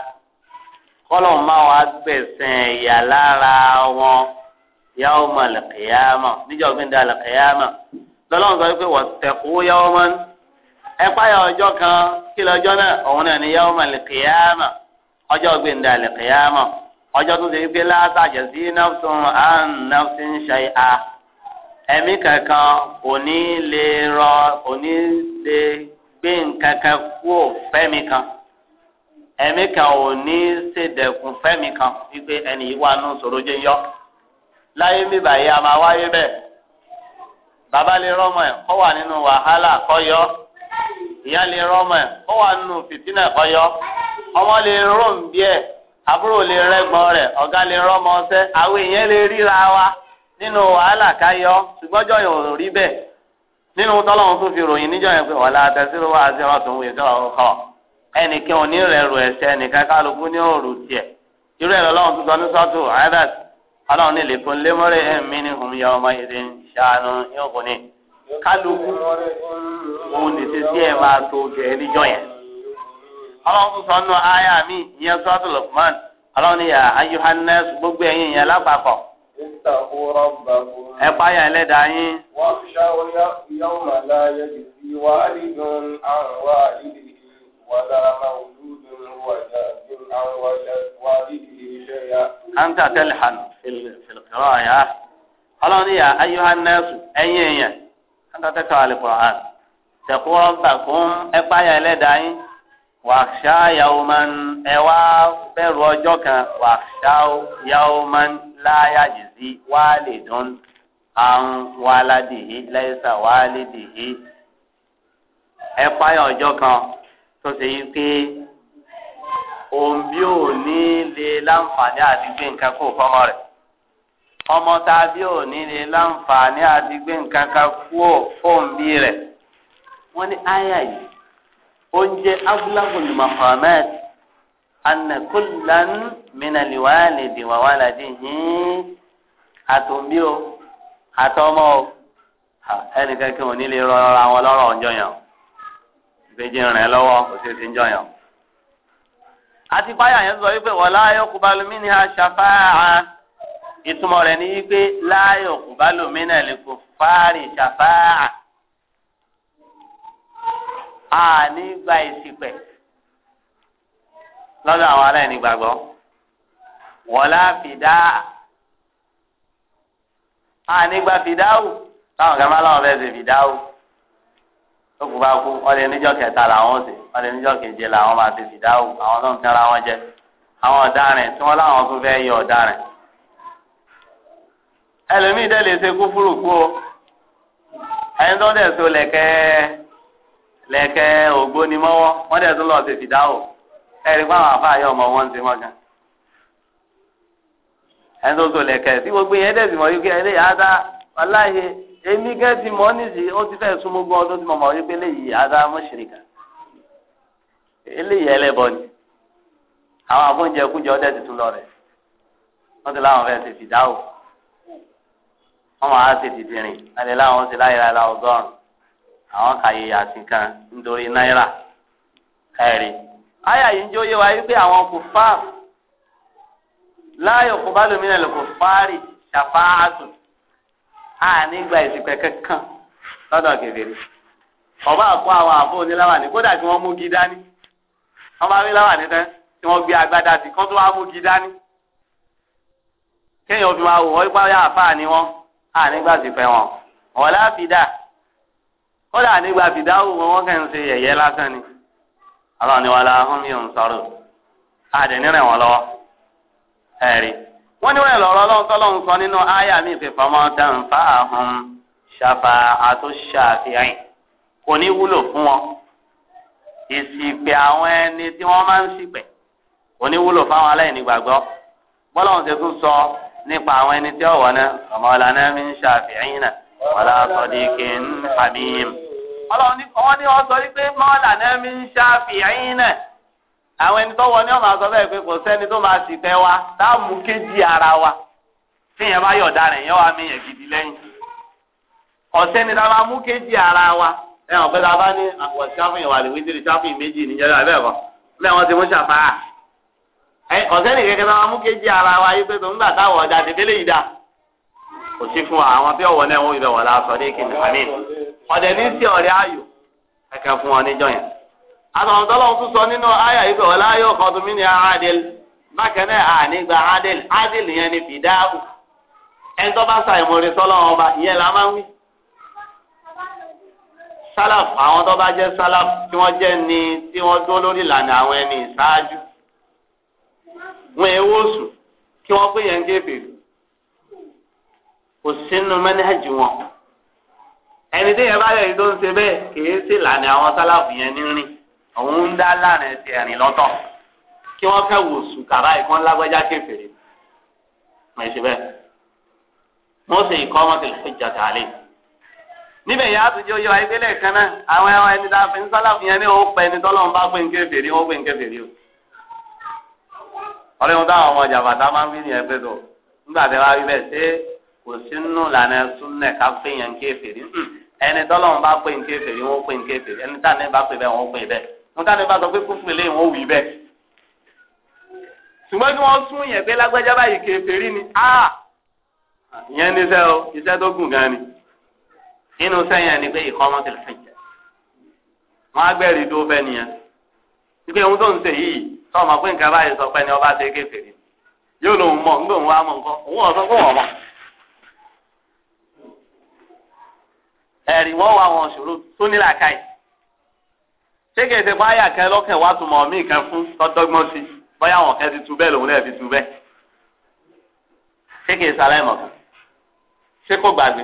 kọ́lọ̀ máa wá gbẹ̀sẹ̀ ẹ̀yà lára wọn yawmal qiyamah níjọ́ gbẹ̀ndẹ̀ al-qiyamah lọ́lọ́run sọ pé wọ́n tẹ̀kú yawman ẹ páyà ọjọ́ kan kí lọ́jọ́ náà òun náà ní yawmal qiyamah ọjọ́ gbẹ̀ndẹ̀ al-qiyamah ọjọ́ tó ṣe pé látàjẹ́ sí nafsun an nafsin ṣayá ẹ̀mí kankan kò ní lè rọ kò ní lè gbé nǹkan kan kú fẹ́mi kan ẹ̀mí kan ò ní ṣèdẹ̀kùn fẹ́mi kan wípé ẹni yìí wà nù sọ̀rọ̀ jẹ́ yọ láyé mi báyìí a máa wáyé bẹ́ẹ̀ bàbá lè rọ́mọ ẹ̀ kọ́ wà nínú wàhálà kọ́ yọ ìyá lè rọ́mọ ẹ̀ kọ́ wà nínú fìtínà kọ́ yọ ọmọ lè rọ́ǹbí ẹ̀. àbúrò lè rẹ́gbọ́n rẹ̀ ọ̀gá lè rọ́mọ ọsẹ́ àwọn èèyàn lè ríra wa nínú wàhálà káyọ ṣùgbọ́njọ́ yẹn ò rí bẹ́ẹ̀ nínú tọ́lọ́run tún fi ròyìn níjọ́ yẹn pé wàhálà àtẹ̀síwò àzẹ́rọ̀ tó ń wé sọ̀rọ̀ kọ́ ẹnìkan ò ní rẹ̀ rò ẹ̀ṣẹ̀ ẹnìkan kálukú ní òòrù tiẹ̀ irú ẹ̀ lọ́lọ́run tún sọ ní sọ́tù ayédàs ọlọ́run ní ẹ̀ mí ṣàánú ọlọ́run tún sọ nù mi ìyẹn sọ́tò lukman ọlọ́run yà ayuhannes gbogbo ẹ̀yin yẹn lápapọ̀. ẹ páyà ẹlẹ́dàá yín. wọ́n ṣá oyá yọ̀ọ̀mà láyé ìdí wàhálì dùn àwọn wàhálì dì wàdà màwùdùdùn wàdà dùn àwọn wàdà wàhálì iṣẹ́ yá. ọlọ́run yà ayuhannes ẹ̀yin yẹn tẹ̀kọ́ wàṣà yauman ẹ wá bẹ̀rù ọjọ́ kan wàṣà yauman láyàjìzí wàlídùn àrùn wàládìhí lẹ́sà wàlídìhí ẹ páyà ọjọ́ kan tó ṣe yí pé òǹbí ò ní lè láǹfààní àti gbé nǹkan kó fọmọ rẹ̀ ọmọ tàbí ò ní lè láǹfààní àti nǹkan kan kó fóǹbí rẹ̀ wọ́n ní áyà yìí oúnjẹ abúláhùn mahamad anakulan minaliwaale diwawala dihin atombi o atọmọ o ẹnìkan kí wọn nílé rọra wọn lọ́rọ̀ ọjọ́ yẹn ìgbéjì rìn lọ́wọ́ kò sí ti ń jọ yẹn. àti páyà yẹn sọ wípé wọlá ayọkùbalùmí ni a ṣàfáà ìtumọ̀ rẹ̀ ni wípé láyọkùbalùmí náà lè kó fáàrí ṣàfáà a ní gba ìsìpẹ̀ lọ́dọ̀ àwọn aláìní gbàgbọ́ wọ́lá fìdá a ní gba fìdáwù táwọn kan bá láwọn fẹ́ẹ́ ṣe fìdáwù tó kù bá kú ọ̀lẹ́ níjọ́ kẹta làwọn ó ṣe ọ̀lẹ́ níjọ́ keje làwọn máa ṣe fìdáwù àwọn tó ń tẹ́ra wọn jẹ àwọn ọ̀daràn tí wọ́n láwọn tún fẹ́ yọ ọ̀daràn ẹlòmíì dẹ́ lè ṣe kú fúrùkú o ẹni tó dẹ̀ so lẹ̀kẹ́ lẹ̀kẹ́ ògbóni mọ́wọ́ wọ́n dẹ̀ tún lọ sí fìdáwò ẹ̀rí fún àwọn àfáà yẹ ọmọ wọn ti mọ́ gan. ẹni tó so lẹ̀kẹ́ tí gbogbo yẹn dẹ̀ sì mọ̀ wípé ẹlẹ́yà á dá aláhe èmi gẹ́ ti mọ́ nísì ó ti fẹ́ súnmọ́ gbọ́ ọdún tí mo mọ̀ wípé eléyìí á dá mọ́ṣíríkà eléyìí ẹlẹ́bọ ni àwọn àfóúnjẹkújẹ ọdẹ ti tún lọ rẹ̀ wọ́n ti láwọn fẹ́ ṣe fìdáwò wọ́n máa ṣe dìdìrín àti láwọn ṣe láyé láyé láwọn ọgọ́rùn àwọn kàyé yàtì kan nítorí náírà ẹ̀rí. àyà yìí yé wa wípé àwọn kò fà láàyò kò bá lómìnira lè kò fárì kankan lọ́dọ̀ kèfèrí. ọba àkó àwọn àbó oníláwàní kódà tí wọ́n mú gi dání wọ́n bá rí láwàní tán tí wọ́n gbé agbádá sí kó tó wá mú gi dání. kéèyàn fi máa wò wọ́n ipá àfáà ni wọ́n sì kódà nígbà fìdáwò wọn wọ́n kàn ń ṣe yẹ̀yẹ́ lásán ni ọlọ́run ni wọn la hàn mí òun sọ̀rọ̀ àdè nírẹ̀ wọn lọ́wọ́ ẹ̀rí wọ́n ní wọ́n lọ́rọ́ ọlọ́run tọ́lọ́run sọ nínú àyà mi ìfẹ́fọ́mọ́ dánfà àhùn ṣàfà àtúnṣàfihàn kò ní wúlò fún wọn ìsìpè àwọn ẹni tí wọ́n máa ń ṣìpẹ̀ kò ní wúlò fáwọn aláìní gbàgbọ́ bọ́lọ́run ṣe tún sọ nípa àwọn ẹni tí ọ̀wọ́ náà ọmọ ọ̀làná mi ń ṣàfihàn náà wàlá sọdíkìn hamim. ọlọ́run ní wọ́n sọ wípé mọ́ọ̀lá náà mi ń ṣáfi ẹ̀yìn náà àwọn ẹni tó wọ ní ọmọ àsọ bẹ́ẹ̀ pé kò sẹ́ni tó máa sì tẹ́ wa dáàmú kéjì ara wa bá yọ̀ọ̀dá rẹ̀ gidi lẹ́yìn tá a máa mú kéjì ara wa ẹ hàn pé ah, wà lè méjì níjẹ́ bẹ́ẹ̀ wọ́n mú kò sí fún wa àwọn tí ọ̀wọ́ náà wọ́n ibẹ̀ wọ̀ la sọ dé kí n àmì ọ̀dẹ̀ ní sí ọ̀rẹ́ ayò kẹ̀kẹ́ fún wọn níjọ yẹn. àtàwọn tọ́lọ́ tún sọ nínú ayà ibẹ̀ wọ̀ láyò kọ́tún mí ní adil bákan náà ànígbà adil adil yẹn ni fìdáàbù ẹni tó bá ṣàìmọ̀rẹ́ sọ́lọ́ wọn ọba ìyẹn la máa ń wí. sálàf àwọn tó bá jẹ́ sálàf tí wọ́n jẹ́ ni tí wọ́n dúró lórí ìlànà àwọn ẹni ìṣáájú wọn èwo sùn kí wọ́n pè yẹn gébèrè o si wọn ẹni tí yẹn yẹ tó ń ṣe bẹ́ẹ̀ kìí sí ìlànà àwọn sálàfù yẹn ní òun ń dá lànà ẹsẹ̀ ẹni lọtọ kí wọ́n fẹ́ wò sùn kàrá ìfọ́n lágbájá kéfèrè mọ̀ ẹ̀ṣẹ̀ bẹ́ẹ̀ wọn tẹ̀lé ìjà níbẹ̀ yà á a fi ń sálàfù yẹn ní o táwọn ọmọ máa ń ní ẹgbẹ́ kò sí nù lànà súnẹ̀ ká pé yẹn kéferì hmm. ẹni tọ́lọ́run bá pé kéferì wọ́n pé kéferì ẹni tàní bá pé bẹ́ẹ̀ wọ́n pé bẹ́ẹ̀ wọ́n tàní bá sọ pé kúfù lé wọ́n wì bẹ́ẹ̀. ṣùgbọ́n kí wọ́n sún yẹn pé lágbájá báyìí kéferì ni ah! ìyẹn níṣẹ́ o iṣẹ́ tó gùn gan ni nínú sẹ́yìn ni pé ìkọ́ wọn ti fi jẹ wọn á gbẹ́rì tó fẹ́ nìyẹn wípé ohun tó ń ṣe yìí sọ ma pé nǹkan báyìí sọ pé ni ọba ṣe kéferì yóò lòun mọ̀ nígbà òun wá mọ̀ nǹkan òun ọ̀sán kó wọ̀ mọ̀. ẹ̀rí wọ́n wà wọn ṣòro tó ní làákàyè ṣé kìí ṣe báyà kẹ lọ́kẹ̀ wá túmọ̀ mí kan fún tọ́dọ́gbọ́n sí báyà wọn kẹ́ ti tu bẹ́ẹ̀ lòun náà fi tu bẹ́ẹ̀ ṣé kìí ṣe aláìmọ̀ kan ṣé kò gbàgbé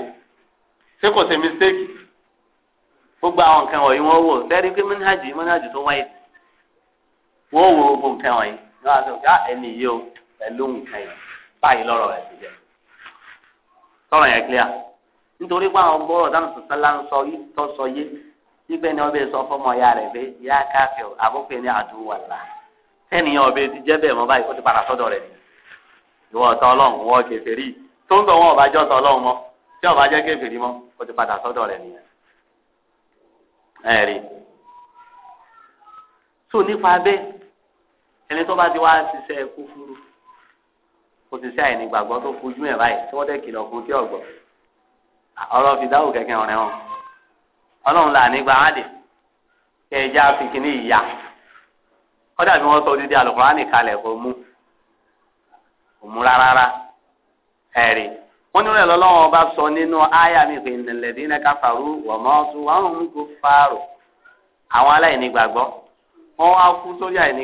ṣé kò ṣe mistake gbogbo àwọn nǹkan wọ̀nyí wọ́n wò lẹ́rìí pé mọ́nájì mọ́nájì tó wáyé wọ́n wò gbogbo nǹkan wọ̀nyí ní wàá sọ pé ah, ẹni yìí o pẹ̀lú nǹkan yìí báyìí lọ́rọ̀ rẹ̀ ti jẹ́ sọ̀rọ̀ yẹn clear nítorí pé àwọn bọ́ọ̀rọ̀ dáhùn sọ̀sálà ń sọ yìí tó sọ yé síbẹ̀ ni ọbẹ̀ sọ fọmọ ya rẹ̀ pé ya káfíọ̀ àbúfẹ́ ní àdúwàlà sẹ́niyàn ọbẹ̀ ti jẹ́ bẹ́ẹ̀ mọ́ báyìí kó ti padà sọ́dọ̀ rẹ̀ ìwọ ọ̀tọ̀ ọlọ́run wọ́n kèfèrí tó ń bọ̀ wọn ọ̀bájọ́ ọ̀tọ̀ ọlọ́run mọ́ tí ọ̀bájọ́ kèfèrí mọ́ kó ti padà sọ́dọ̀ rẹ̀ nìyẹn. ẹ̀rí tó nípa bẹ́ẹ̀ ẹni tó bá ti wá ṣiṣẹ́ kúfúrú kò sì ṣe àìnígbàgbọ́ tó fojú ẹ̀ báyìí tí wọ́n ọrọ fìdáwò kẹ̀kẹ́ ọrẹ wọn ọlọ́run là nígbà áàdì kẹjá fìkínní ìyá kọ́dà bí wọ́n sọ dídí àlùkùránì kalẹ̀ kò mú kò mú rárá ọba sọ nínú áyà mi pé ìnìlẹ̀dí iná káfàrú wọ̀mọ́sù wọn ń kó àwọn aláìní wá kú sórí àìní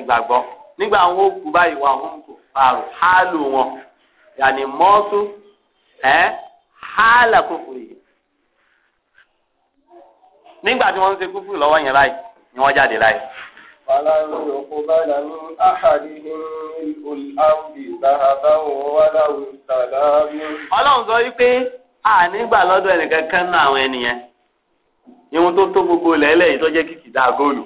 nígbà wọn ó kú báyìí wọn ń kó hàálà kúfùrù yìí nígbà tí wọ́n ń ṣe kúfùrù lọ́wọ́ yẹn báyìí ni wọ́n jáde láyé. Ọlọ́run sọ wípé ànígbà lọ́dọ̀ ẹnìkankan náà àwọn ènìyàn irun tó tó gbogbo lẹ́lẹ̀ yìí tó jẹ́ kìkì dá góòlù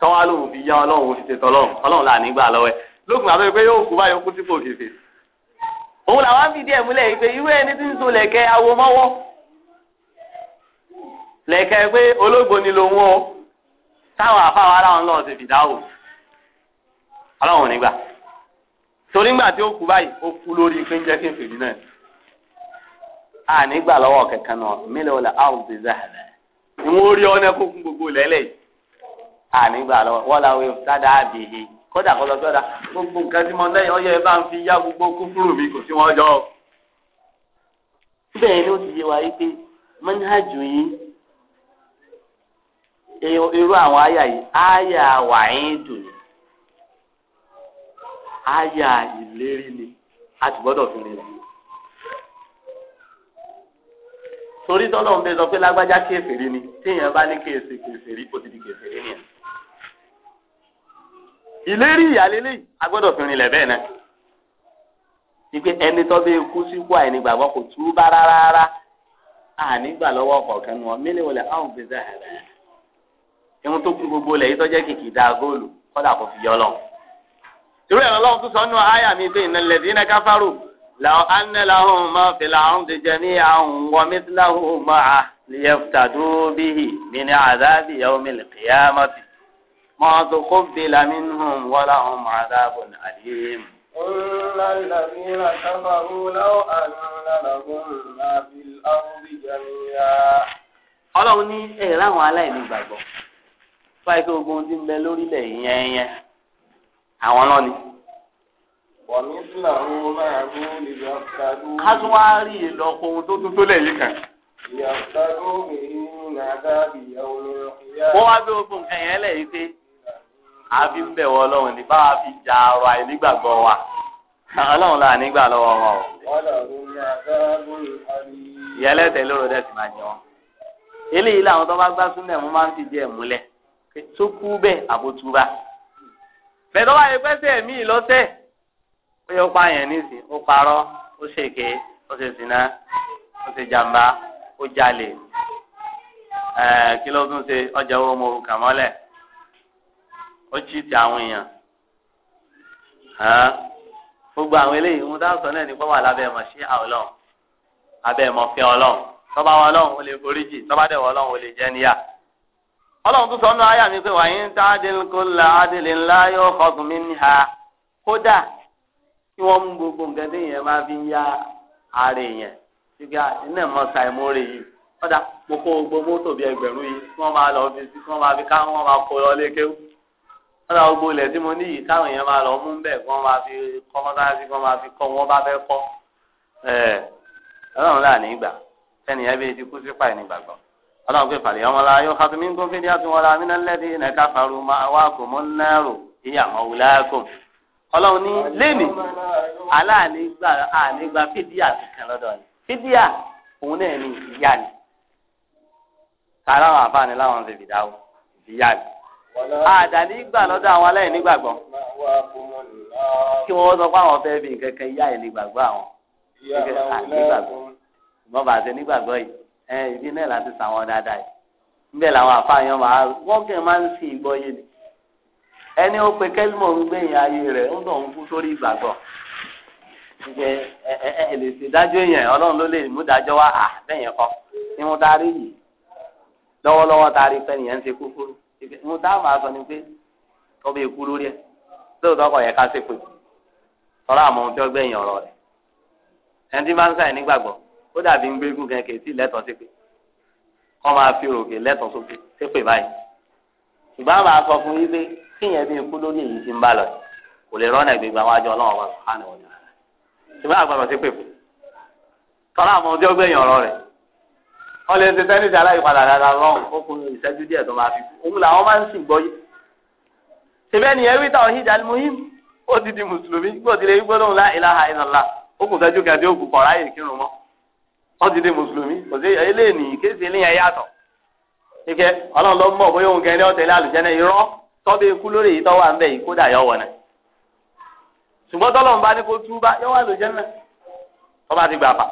tọ́wá lòun fi yá ọlọ́run fi ṣètò ọlọ́run ọlọ́run là nígbà lókun òun làwọn fi díẹ̀ múlẹ̀ pé irú ẹni tí ń so lẹ̀kẹ́ awo mọ́wọ́ lẹ̀kẹ́ pé olóògbò ni lòun o táwọn àfáwọn aláwọn ti o aláwọn ò ní gbà torí a nígbà lọ́wọ́ náà ni wọ́n rí ọ́nà gbogbo lẹ́lẹ̀ yìí a nígbà lọ́wọ́ wọ́n làwọn èèyàn kódà kọ́ lọ sọ́dà gbogbo nǹkan tí mo lẹ́yìn ọyẹ bá ń fi yá gbogbo kúfúrú mi kò sí wọn jọ. bẹ́ẹ̀ ni ó ti yé wa yí pé mọ́níhàjù yìí irú àwọn àyà yìí àyà dùn ní àyà ìlérí ni a ti gbọ́dọ̀ fi rí torí tọ́lọ́ ń bẹ sọ pé lágbájá ni téèyàn bá ní kò ti di ìlérí ìyàlélẹ́ agbọ́dọ̀ fi rinlẹ̀ bẹ́ẹ̀ náà ipe ẹni tó bẹ kú síkú àìnígbàgbọ́ kò tú bá rárá rárá ànígbà lọ́wọ́ kọ̀ọ̀kan nu wọn mílíọ̀nù wọlé àwọn òbí zahara ìwọn tó kú gbogbo lẹ̀ yìí tó jẹ́ kìkì dáa góòlù kọ́dà kò fi yọ lọ. irú ẹ̀rọ lọ́wọ́ tó sọ nù àyà mi pé ìnà lẹ́dí iná káfárò làwọn anẹ làwọn ọmọ fìlà àwọn ti jẹ ní àwọn wọn mẹsìláwọn ọmọ à lìyẹ fìtàdúró bíi mi ní ما تقبل منهم ولهم عذاب أليم إن الذين كفروا لو أن لهم ما في الأرض جميعا Ọlọ́run ní ẹ̀rọ àwọn aláìní gbàgbọ́ fáìkì ogun ti ń bẹ lórílẹ̀ yẹn yẹn àwọn náà ni. Bọ̀mí sílẹ̀ ọ̀hún máa mú ìyá Ká tún wá rí ìlọ́po ohun tó tún tó lẹ́yìn kan. Ìyá ọ̀tàdú èyí ní àdábìyà olóyún. Wọ́n wá bí ogun kẹ̀yìn ẹlẹ́yìí pé àfi ń bẹ̀ wọ ọlọ́run ní báwa fi ja ọ̀rọ̀ àìnígbàgbọ́ wa ọlọ́run là nígbà lọ́wọ́ wa o. ìyẹlẹ́tẹ̀ lóró dẹ̀ sì máa jẹ wọn. eléyìí làwọn tó bá gbá súnmẹ̀ mo máa ń fi díẹ̀ múlẹ̀ tó kú bẹ́ẹ̀ àbótúbà. bẹ́ẹ̀ tó bá yẹ pẹ́sẹ̀ mí lọ́sẹ̀ ó yẹ ó pa àyàn nísìn ó parọ́ ó ṣèké ó ṣe sìnà ó ṣe jàǹbá ó jalè kí ló tún ṣe ọjà owó mo kà mọ́lẹ̀ ó jí ti àwọn èèyàn gbogbo àwọn eléyìí ń dáhùn sọ náà nípa wà lábẹ́ ẹ̀mọ̀ sí Ọlọ́run abẹ́ ẹ̀mọ̀ fi Ọlọ́run tọ́ba wọn Ọlọ́run ó lè foríjì tọ́ba dẹ̀ wọ́n Ọlọ́run ó lè jẹ́ níyà. Ọlọ́run tún sọ nínú àyà mi pé wàyí ń tá adélkólà adélélá yóò fọkùn mí ní ha kódà kí wọ́n mú gbogbo nǹkan téèyàn máa fi ń ya ara èèyàn ṣùgbọ́n iná mọ̀ ṣàìmórè yìí kódà gbogbo mọ́tò bíi ẹgbẹ̀rún yìí kí wọ́n máa lọ fi kí wọ́n máa fi ká wọ́n máa kó lọ lé kọ́nà gbogbo ilẹ̀ tí mo ní yìí káwọn èèyàn máa lọ mú bẹ́ẹ̀ kí wọ́n máa fi kọ́ mọ́tàlásí kí wọ́n máa fi kọ́ wọ́n bá fẹ́ kọ́ ẹ̀ ọlọ́run láà ní ìgbà ẹnìyàn bí ti kú sí pàì ní gbàgbọ́ ọlọ́run pé fàlẹ́ ọmọ la yóò fatu mí ń gómìnì àtúnwọ́ la mí náà lẹ́bi ilẹ̀ káfàrú máa wá kò mọ́ náírò ìyá àwọn wùláàkùn ọlọ́run ní lẹ́nì aláànígbà ànígbà fídíà kan lọ́dọ̀ àdàní gbà lọ́dọ̀ àwọn aláìní gbàgbọ́ kí wọ́n sọ pé àwọn fẹ́ bí nǹkan kan yá ìní gbàgbọ́ àwọn ṣùgbọ́n bàá ṣe nígbàgbọ́ yìí ẹ ibi náà láti sàwọn dáadáa yìí níbẹ̀ làwọn àfààyàn máa wọ́n kẹ́ máa ń sin ìgbọ́ yé ni ẹni ó pe kẹ́límọ̀ ń gbẹ̀yìn ayé rẹ̀ ń dọ̀ ń kú sórí ìgbàgbọ́ ǹjẹ́ ẹ ẹ ẹ lè ṣe dájọ́ èèyàn ọlọ́run ló lè mú dájọ́ wá à bẹ́ẹ̀ yẹn kọ́ ni mo taari yìí lọ́wọ́lọ́wọ́ taari pẹ́ nìyẹn ń ṣe kúkúrú mo dáhùn àzọ ni pé ọba èkú lórí ẹ lóòótọ́ kọ̀ yẹ ká ṣe pé tọ́lá àmọ́ ohun tí wọ́n gbẹ̀yìn ọ̀rọ̀ rẹ̀ ẹni tí máa ń sàì nígbàgbọ́ ó dàbí ń gbégún kẹ̀kẹ́ tí lẹ́tọ̀ọ́ sí pé kọ́ máa fi òròkè lẹ́tọ̀ọ́ sókè sí pé báyìí ṣùgbọ́n àwọn aṣọ fún yín pé kíyẹn bí ikú lórí èyí ti ń bá lọ kò lè rọ́nà ìgbégbá wájú ọlọ́run ọba wọ́n lè ṣe tẹ́nísì aláìpadà dáadáa lọ́hùn ó kún ìṣẹ́jú díẹ̀ tó máa fi kú òun làwọn máa ń sìn gbọ́ yìí. ṣèbẹ́ ni ẹ̀rí táwọn híjà ni muhim ó ti di mùsùlùmí gbọ́dọ̀ ti lè rí gbọ́dọ̀ ńlá ìlàhà ìlàlá ó kùn sẹ́jú kẹ́ndé ó kù kọ̀ ráyè kírun mọ́ ó ti di mùsùlùmí kò sí eléyìí kéèsì eléyìí yàtọ̀ ike ọlọ́run ló mọ̀ bóyá òun kẹ́ni ọ̀tẹ̀lẹ̀ àlùjẹ́nẹ́ irọ́ tọ́bi ikú lórí yìí tọ́wọ́ à ń bẹ̀ yìí kódà yọ̀ wọ̀ náà ṣùgbọ́n tọ́lọ́run bá ní kó túbá yọ̀ wà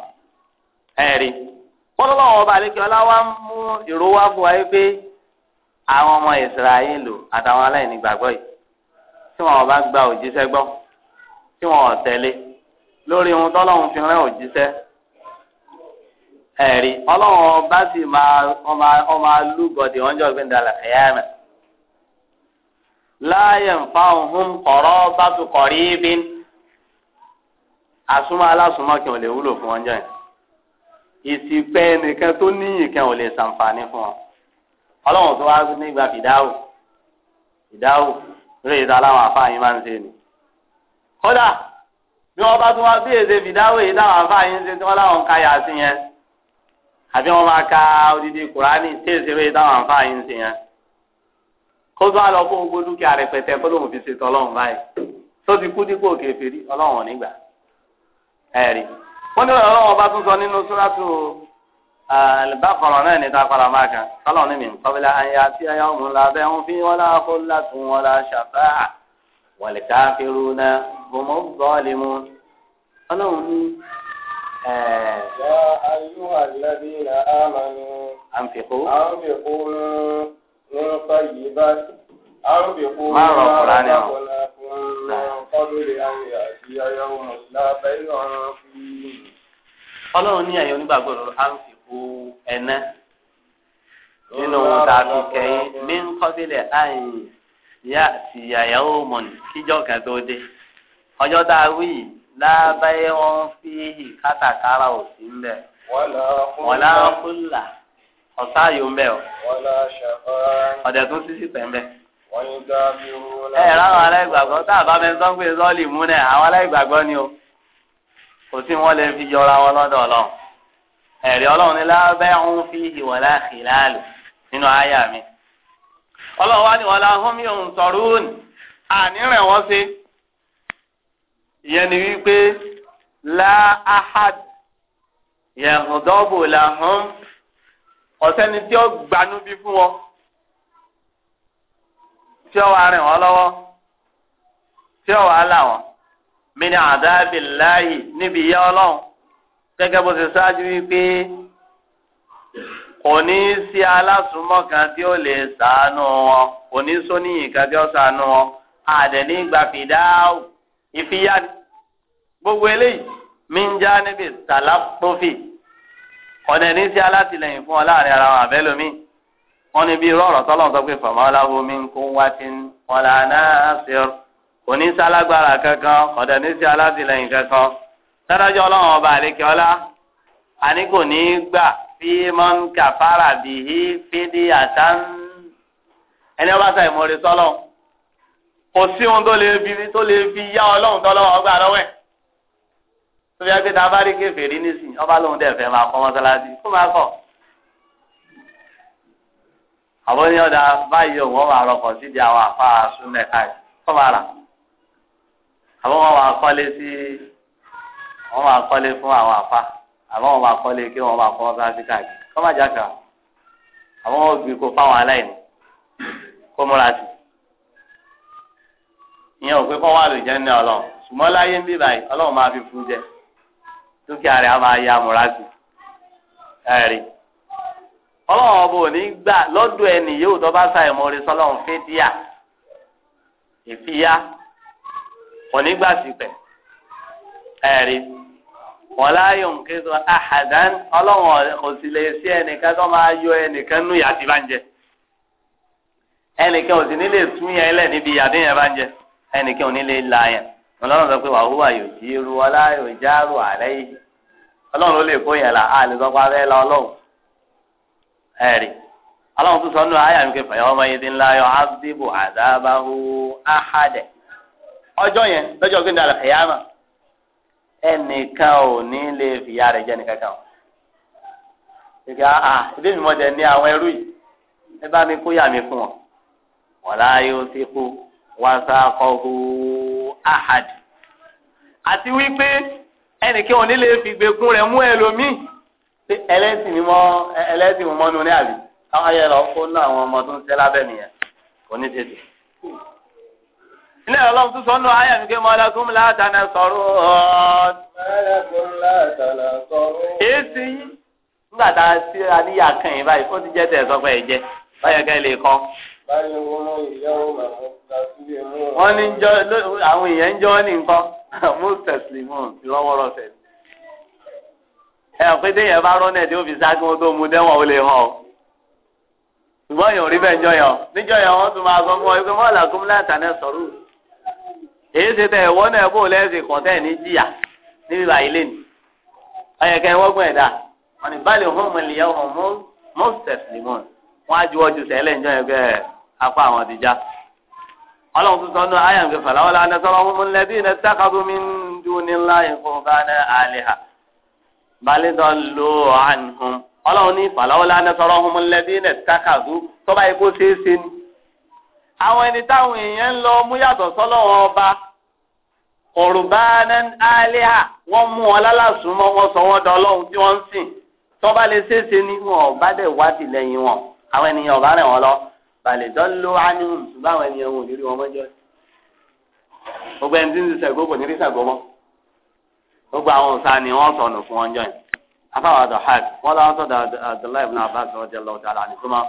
wọ́n ọba àlékè ọláwá ń mú ìró wá fún pé àwọn ọmọ ìsirayélu àtàwọn aláìní yìí tí wọn bá gba òjíṣẹ́ gbọ́ tí wọn ò tẹ̀lé lórí ohun tọ́lọ́run fi rẹ òjíṣẹ́ ẹ̀rí ọlọ́run ọba sì máa ọmọ alúgọ̀dì ọjọ́ láàyè nfa ohun bá tún bí kí lè wúlò fún ìsìnkpẹ́ nìkan tó níyìn kan ò lè ṣàǹfààní fún ọ ọlọ́run tó wá nígbà fìdáwò fìdáwò lórí ìta láwọn máa ń ṣe ni kódà bí wọ́n bá tún wá bí èdè fìdáwò yìí táwọn afáàyín ṣe tí wọ́n láwọn ka yà sí yẹn àbí wọ́n máa ka odidi kùránì tí èsì lórí táwọn afáàyín ṣe yẹn kó tó wá lọ kó dúkìá rẹpẹtẹ kó lóun fi ṣètò ọlọ́run báyìí tó ti kú dípò kèfèrí ọlọ́run nígbà ẹ̀rí wọ́n ní ọlọ́run ọba tún sọ nínú sóràtù àlùbáfọ̀rọ̀ eh, náà níta padà máa kàn sọ́lọ́ ní mi kọ́bílà àyà tí àyà ọ̀hún la bẹ́ ń fi wọ́n láà kó látún wọ́n la ṣàfà wọ̀lẹ̀ káfíru náà bùnmọ́ bọ́ọ̀lì mu. ọlọ́run ní. Eh, ya ayúwà lẹ́bí na ámàlú. àǹfẹ̀kú. àǹfẹ̀kú ní ní fàyè bá má rọ kura ni o. ọlọ́run ní ẹ̀yọ́ nígbàgbọ́ lọ́rọ́ á ń fi kú ẹ̀ná nínú ohun tá a fi kẹ́yìn mí ń kọ́sílẹ̀ àyìn yá àti àyàwó mọ̀nì kíjọ́ kan tó dé ọjọ́ tá a wí yìí lábẹ́ wọn fi kátàkárà ò sí ń bẹ̀ wọ́lá kúlà ọ̀sá yóò ń bẹ̀ ọ̀ ọ̀dẹ̀ tún sísì pẹ̀ ń bẹ̀ ẹ ráwọn aláìgbàgbọ́ tá a bá mi sọ pé sọ́ọ̀lì múnẹ̀ àwọn aláìgbàgbọ́ ni o kò sí wọn lè fi jọra wọn lọ́dọ̀ ọlọ́run ẹ̀rí ọlọ́run ni lábẹ́ ń fi ìwọ̀lá ìlàlù nínú àyà mi ọlọ́run wá ní wọn la hómi òun tọrú òní àníràn wọn ṣe ìyẹn ni wípé la ahad yẹ̀hùndọ́bò làhún ọ̀sẹ́ni tí ó gbanú bí fún wọn tí ó wàá rìn wọ́n lọ́wọ́ tí ó wàá là wọ́n mini àdáàbì láàyè níbi ìyá ọlọ́run gẹ́gẹ́ bó ṣe ṣáájú wípé kò ní í sí alásùnmọ́ kan tí ó lè ṣàánú wọn kò ní í sóníyìn kan tí ó ṣàánú wọn àdẹ̀ní gbàfídáwò ìfiyáni gbogbo eléyìí mi ń já níbi tàlápófì ọ̀nà ní sí alátìlẹyìn fún ọ láàrin ara wọn àbẹ́lómi wọn ní bí rọrọ tọlọmọ sọ pé famalahu min quwwatin wala nasir onísàlágbára kankan ọdẹ níṣẹ alátìlẹ́yìn kankan tẹdájọ Ọlọ́run ọba àlekè ọlá àní kò ní í gbà fi man kafara bihi fídí àtàn ẹni ọba sàì mọ retọ lọ kò sí ohun tó lè fi tó lè fi yá Ọlọ́run tọlọmọ ọgbà lọ́wọ́ tó fi ẹgbẹ bá rí kéfèé rí nísìnyí ọba lóhun dẹ fẹ máa kọ mọ́sálásí kó máa kọ àbọ̀ ní ọ̀dà báyìí wọ́n wà rọkọ̀ síbi àwọn afá súnmẹ̀ káyọ̀ kọ́ máa rà àbọ̀ wọ́n wà kọ́lé sí wọ́n wà kọ́lé fún àwọn afá àbọ̀ wọ́n wà kọ́lé kí wọ́n wà kọ́ sáfì káyọ̀ kọ́ máa jákà àbọ̀ wọ́n gbé kó fáwọn aláìní kó múra sí ìyẹn ò pé kọ́ wà lójẹ́ ní ọlọ́run ṣùgbọ́n láyé ń bí báyìí ọlọ́run máa fi fún jẹ dúkìá rẹ̀ á máa ya múra sí ẹ̀rí. ọlọ́run ọba ò gbà lọ́dọ̀ ẹni yóò tó bá sáyẹn mọ́ orí sọlọ́run fẹ́díà ìfìyà kò ní gbà sípẹ̀ ẹ̀rí wọn láàyò nǹkan tó àhàdán ọlọ́run kò yọ ẹnìkan yàtí bá ń jẹ ẹnìkan tún yẹn la yẹn ọlọ́run sọ pé jí irú ọlá àlẹ́ yìí ọlọ́run ló lè kó ẹ̀rí aláwọn tó sọ nínú àyà mi kẹfà yọọ máa yẹ ti ńlá yọ ábíbù àdábáhu áhádẹ ọjọ́ yẹn lọ́jọ́ gbẹndé àlàkẹyàmà ẹnìkan ò ní lè fìyà rẹ̀ jẹ nìkan kan ìgbà àà ah, ìdí mi mọ̀jẹ̀ ní àwọn ẹrú yìí ẹ bá mi kó yà mí fún ọ wọlá yóò ti kú wasakọhu ahad àti wípé ẹnìkan ò ní lè fi gbẹkún rẹ̀ mú ẹlòmíì pé ẹlẹ́sìn mímọ́ ẹlẹ́sìn mímọ́ ni oní àbí káwọn yẹ lọ kó ná àwọn ọmọ tó ń sẹ́ lábẹ́ nìyẹn kò ní tètè. ilé ọlọ́run tún sọ́nù ayé mi pé mọ́lẹ́kùn látàná sọ̀rọ̀ ọ́n. èsì nígbà tá a sí aníyà kan yìí báyìí ó ti jẹ́ tẹ̀ sọ́kọ̀ ẹ̀ báyọ̀ kẹ́ lè kọ́. wọ́n ní àwọn èèyàn ń jọ́ ní nǹkan moses limon ti lọ́wọ́rọ̀ sẹ́ni. ẹ pé téèyàn bá rọ́nà tí ó fi sá tó mu dẹ́wọ̀n ó lè hàn ọ́ ṣùgbọ́n yóò rí bẹ́ẹ̀ jọyọ̀ níjọyọ̀ tún máa fún ọ pé wọ́n là sọ̀rọ̀ èyí ṣe ẹ̀wọ́ náà bò lẹ́sìn ní jìyà níbi báyìí ọ̀yẹ̀kẹ́ ẹ̀dá wọn ni hàn mọ̀ mọ́sẹ̀t limon wọn á ju ọjọ́ sẹ́lẹ̀ jọyọ̀ balidọ lo anhum Ọlọ́run ní falawla anasọrọ ọhún lẹbínẹ takadu tọba ikú ṣeéṣe ni. àwọn ẹni táwọn èèyàn ń lọ mú yàtọ̀ sọ́lọ́wọ́n ọba kùrùbánán àlíhà wọ́n mú wọn lálàsùnmọ́ wọn sọ wọ́n dọ́lọ́hún tí wọ́n sìn tọba lè ṣeéṣe ni wọn ọba dẹ̀ wádìí lẹ́yìn wọn àwọn ènìyàn ọba rẹ̀ wọn lọ balidọ lo anhum ṣùgbọ́n àwọn ènìyàn wọn ò wọn mọ́jọ́ gbogbo ẹni tí ń gbogbo ní rí ṣàgbọ́mọ́. gbogbo àwọn òsà ni wọ́n sọnù fún ọjọ́ yẹn afáwọn àdó hajj wọ́n lọ́wọ́ sọ̀dọ̀ Abdullahi ibn Abbas rọ̀jẹ̀ lọ́wọ́ tààlà nìkúmọ́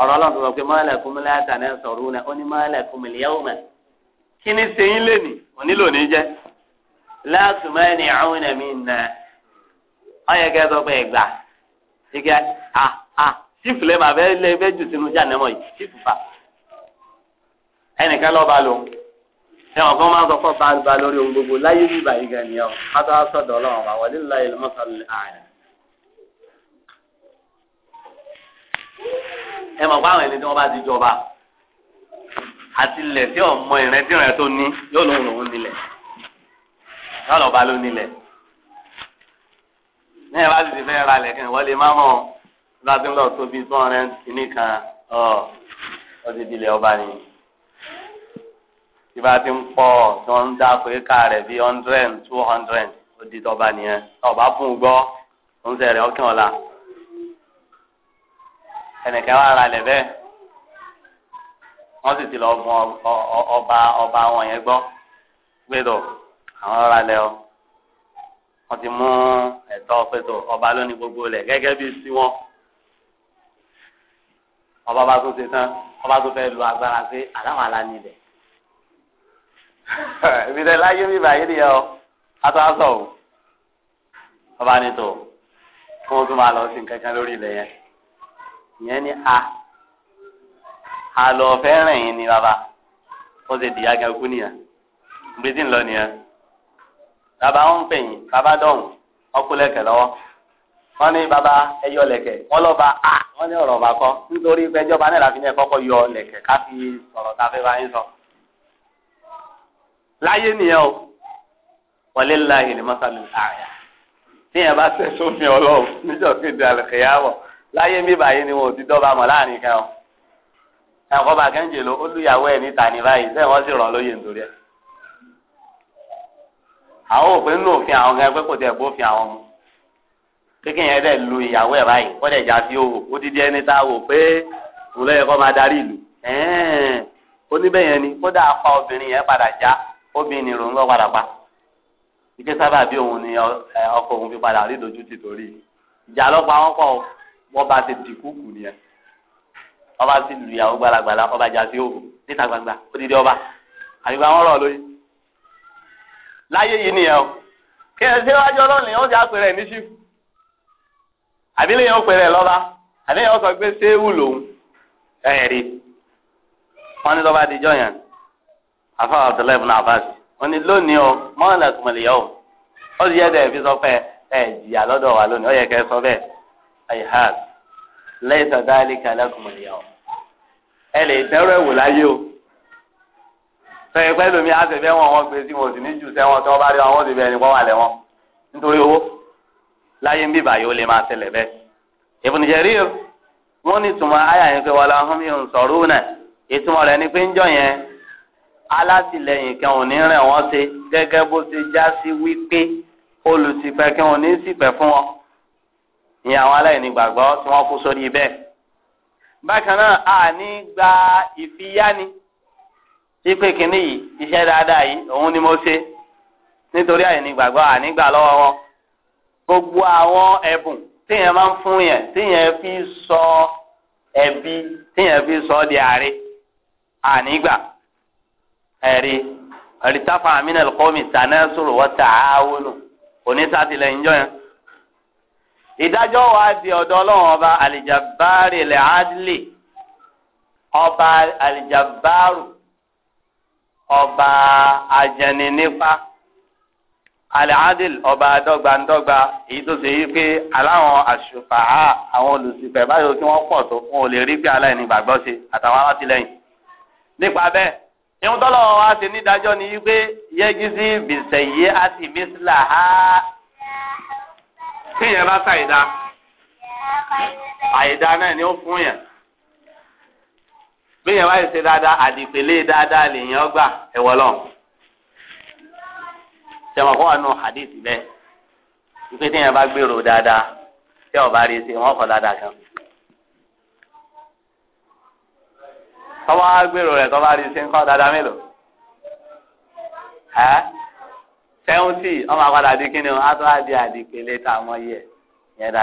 ọ̀rọ̀ ọlọ́run tó sọ pé mọ́lẹ̀ kúmílẹ̀ àtàní sọ̀rọ̀ náà ó ní mọ́lẹ̀ kúmílẹ̀ yẹ́wò mẹ́ kí ni sẹ́yìn lè ní onílò ní ni àwọn ẹ̀mí nà ọ̀yẹ́ kẹ́ sọ pé sífù sínú jà nẹ́mọ̀ yìí sífù fà ẹnìkan lọ́ọ́ bá ẹ wọn kọ́ máa sọ fọ́ balùbà lórí ohun gbogbo láyé bí ìbàyí gan ni ọ pátá sọ̀dọ̀ ọlọ́run wa wọlé láyé lọ́mọ́sálẹ̀ ààrẹ. ẹ mọ̀ pé àwọn ẹni tí wọ́n bá ti jọba àti ilẹ̀ tí ọmọ ìrẹsì rẹ tó ní yóò lóun lòun nílẹ̀ yóò lọ bá ló nílẹ̀. ní ẹ bá sì ti fẹ́ ra ilẹ̀ kan ìwọ́lé má mọ̀ láti lọ tóbi tó ọ̀rẹ́ nìkan ọ̀ ọ́ ti di ọba nìyí tí bá ti ń pọ̀ tí ń dá áfíríkà rẹ̀ bí hundred two hundred ó di tọ́ba nìyẹn ọba fún un gbọ́ ń sẹ̀rẹ̀ ọkàn ọ̀la ẹnìkan wà ra lẹ̀ bẹ́ẹ̀ wọ́n sì ti lọ mọ ọba ọba wọn yẹn gbọ́ gbẹ́dọ̀ àwọn ra lẹ̀ ọ wọ́n ti mú ẹ̀tọ́ pẹ̀tọ̀ ọba lónìí gbogbo rẹ̀ gẹ́gẹ́ bí sí wọn ọba bá tún ṣe tán ọba tún fẹ́ lu agbára pé àdáwọ̀ alá nílẹ̀ ibi tẹ láyé mi báyìí nìyẹn o aṣọ o ọba ni tó kó o tún máa lọ sí nǹkan kan lórí ilẹ̀ yẹn ìyẹn ni a àlọ́ fẹ́ràn yín ni bàbá ó ti dìyà gan kú nìyẹn gbèdì ńlọ nìyẹn bàbá ń pè yín bàbá dọ̀hún ọkú lẹ̀kẹ̀ lọ́wọ́ wọ́n ní bàbá ẹyọ lẹ̀kẹ̀ wọ́n lọ́ba a wọ́n ní ọ̀rọ̀ ọba kọ́ nítorí pé ẹjọba náà láfi ní ẹ̀kọ́kọ́ yọ lẹ̀kẹ̀ ká sọ̀rọ̀ tá a sọ láyé nìyẹn o wọlé ńlá ìlú mọ́sálù àyà tíyẹn bá tẹ̀ sófin ọlọ́run níjọ́ kéde àlùkìyàwó láyé mi báyìí ni wọn ò ti dọ́ba mọ̀ láàrin kan o ẹ̀kọ́ bá kẹ́ńjẹ ló olùyàwó ẹ̀ níta ní báyìí sẹ́yìn wọ́n sì rán lóye nítorí ẹ̀ àwọn òfin nínú òfin àwọn kan pé kò tẹ̀ bófin àwọn mu kékeré yẹn dẹ̀ lu ìyàwó ẹ̀ báyìí wọ́n dẹ̀ já sí owó ó dídí ẹni tá a wò pé òun lóye kọ́ máa darí ìlú ó ní bẹ́ẹ̀ yẹn ni kódà apá obìnrin yẹn padà já obìnrin ni ròǹgọ́ padà pa ike sábà bí òun ni ọkọ òun fi padà rí dojú ti torí ìjà lọ́pàá wọn kọ́ wọ́n bá ti dìkú kù nìyẹn ọba ti lu ìyàwó gbalagbala ọba jà sí òògùn níta gbangba odidi ọba àyùbá wọn rọ lóyún láyé yìí nìyẹn o kí ẹ ṣe wájú ọlọ́run lèyàn ó ti àpèrè ní ṣífù àbí lèyàn ó pèrè lọ́ba àbí lèyàn ó sọ pé ṣéwù lòun ẹ̀rí wọn ní lọ́ba àtijọ́ yẹn. afáwọn abdullahi ibn abbas wọn ni lónìí o mọ́ọ̀lá kùmọ̀lì yà o ó yẹ dẹ̀ fi sọ pé ẹ lọ́dọ̀ wa lónìí ó yẹ kẹ́ sọ bẹ́ẹ̀ ayi ha lẹ́yìn sọ̀dá alikala kùmọ̀lì o ẹ lè ẹ̀wò láyé o sọ̀rọ̀ pẹ́ lómi wọn wọn gbèsè wọn sì ní jù bá rí wọn sì wà nítorí owó láyé ń bíbà yóò lè máa tẹ̀lẹ̀ bẹ́ẹ̀ ní ìtumọ̀ ayà yẹn pé mi alátìlẹyìn kan ò ní rìn wọ́n ṣe gẹ́gẹ́ bó ṣe já sí wípé olùsìpẹ̀ kan ò ní ṣìpẹ̀ fún wọn ní àwọn aláìní gbàgbọ́ tí wọ́n kú sórí bẹ́ẹ̀. bákan náà a ní gba ìfiyáni ipe kìíní yìí iṣẹ́ dáadáa yìí òun ni mo ṣe nítorí àìní gbàgbọ́ ànígbà lọ́wọ́ wọn gbogbo àwọn ẹ̀bùn tíyẹn máa ń fún yẹn tíyẹn fi sọ ẹ̀bi tíyẹn fi sọ di àárẹ̀ ànígbà ẹ̀rí ẹ̀rìtàfà àmínà lọ́kọ́mì tànẹ́sùrù wọ́n tà áwòlù onítàtìlẹ́yìn jọ yẹn. ìdájọ́ wa di ọ̀dọ̀ ọlọ́run ọba àlìjàbárì lẹ́ adlì ọba àlìjàbárù ọba àjẹninípa alẹ́ adìl ọba dọ́gbandọ́gba èyí tó ṣe yí pé aláwọn àṣùfà àwọn olùsìfẹ́ báyọ̀ kí wọ́n pọ̀ tó fún olè rí bí aláìní gbàgbọ́ ṣe àtàwọn alátìlẹ́yìn nípa bẹ́ẹ̀ ìwọ́n tọ́lọ̀ wa ṣe nídàájọ́ ni wípé yẹ́gísí bìsẹ̀yé àti bísílà á tíyẹn bá ṣàìdá àìdá náà ni ó fún yẹn bí yẹn wáyé ṣe dáadáa àdìpẹ̀lẹ̀ dáadáa lèèyàn gbà ẹ̀wọ̀ lọ. sẹ̀wọ̀n kọ́ wà nù hadith bẹ́ẹ̀ wípé tíyẹn bá gbèrò dáadáa tẹ́ ọ̀ bá rí ṣe wọ́n kọ́ dáadáa kan. tọ́wọ́ gbèrò rẹ̀ tọ́wọ́ rí sí ń dada dáadáa mélòó ẹ́ sẹ́wọ́ntì ọmọ àpàdà di kíni o àtọ́ àdì àdìpele tá mọ yẹ gbèrò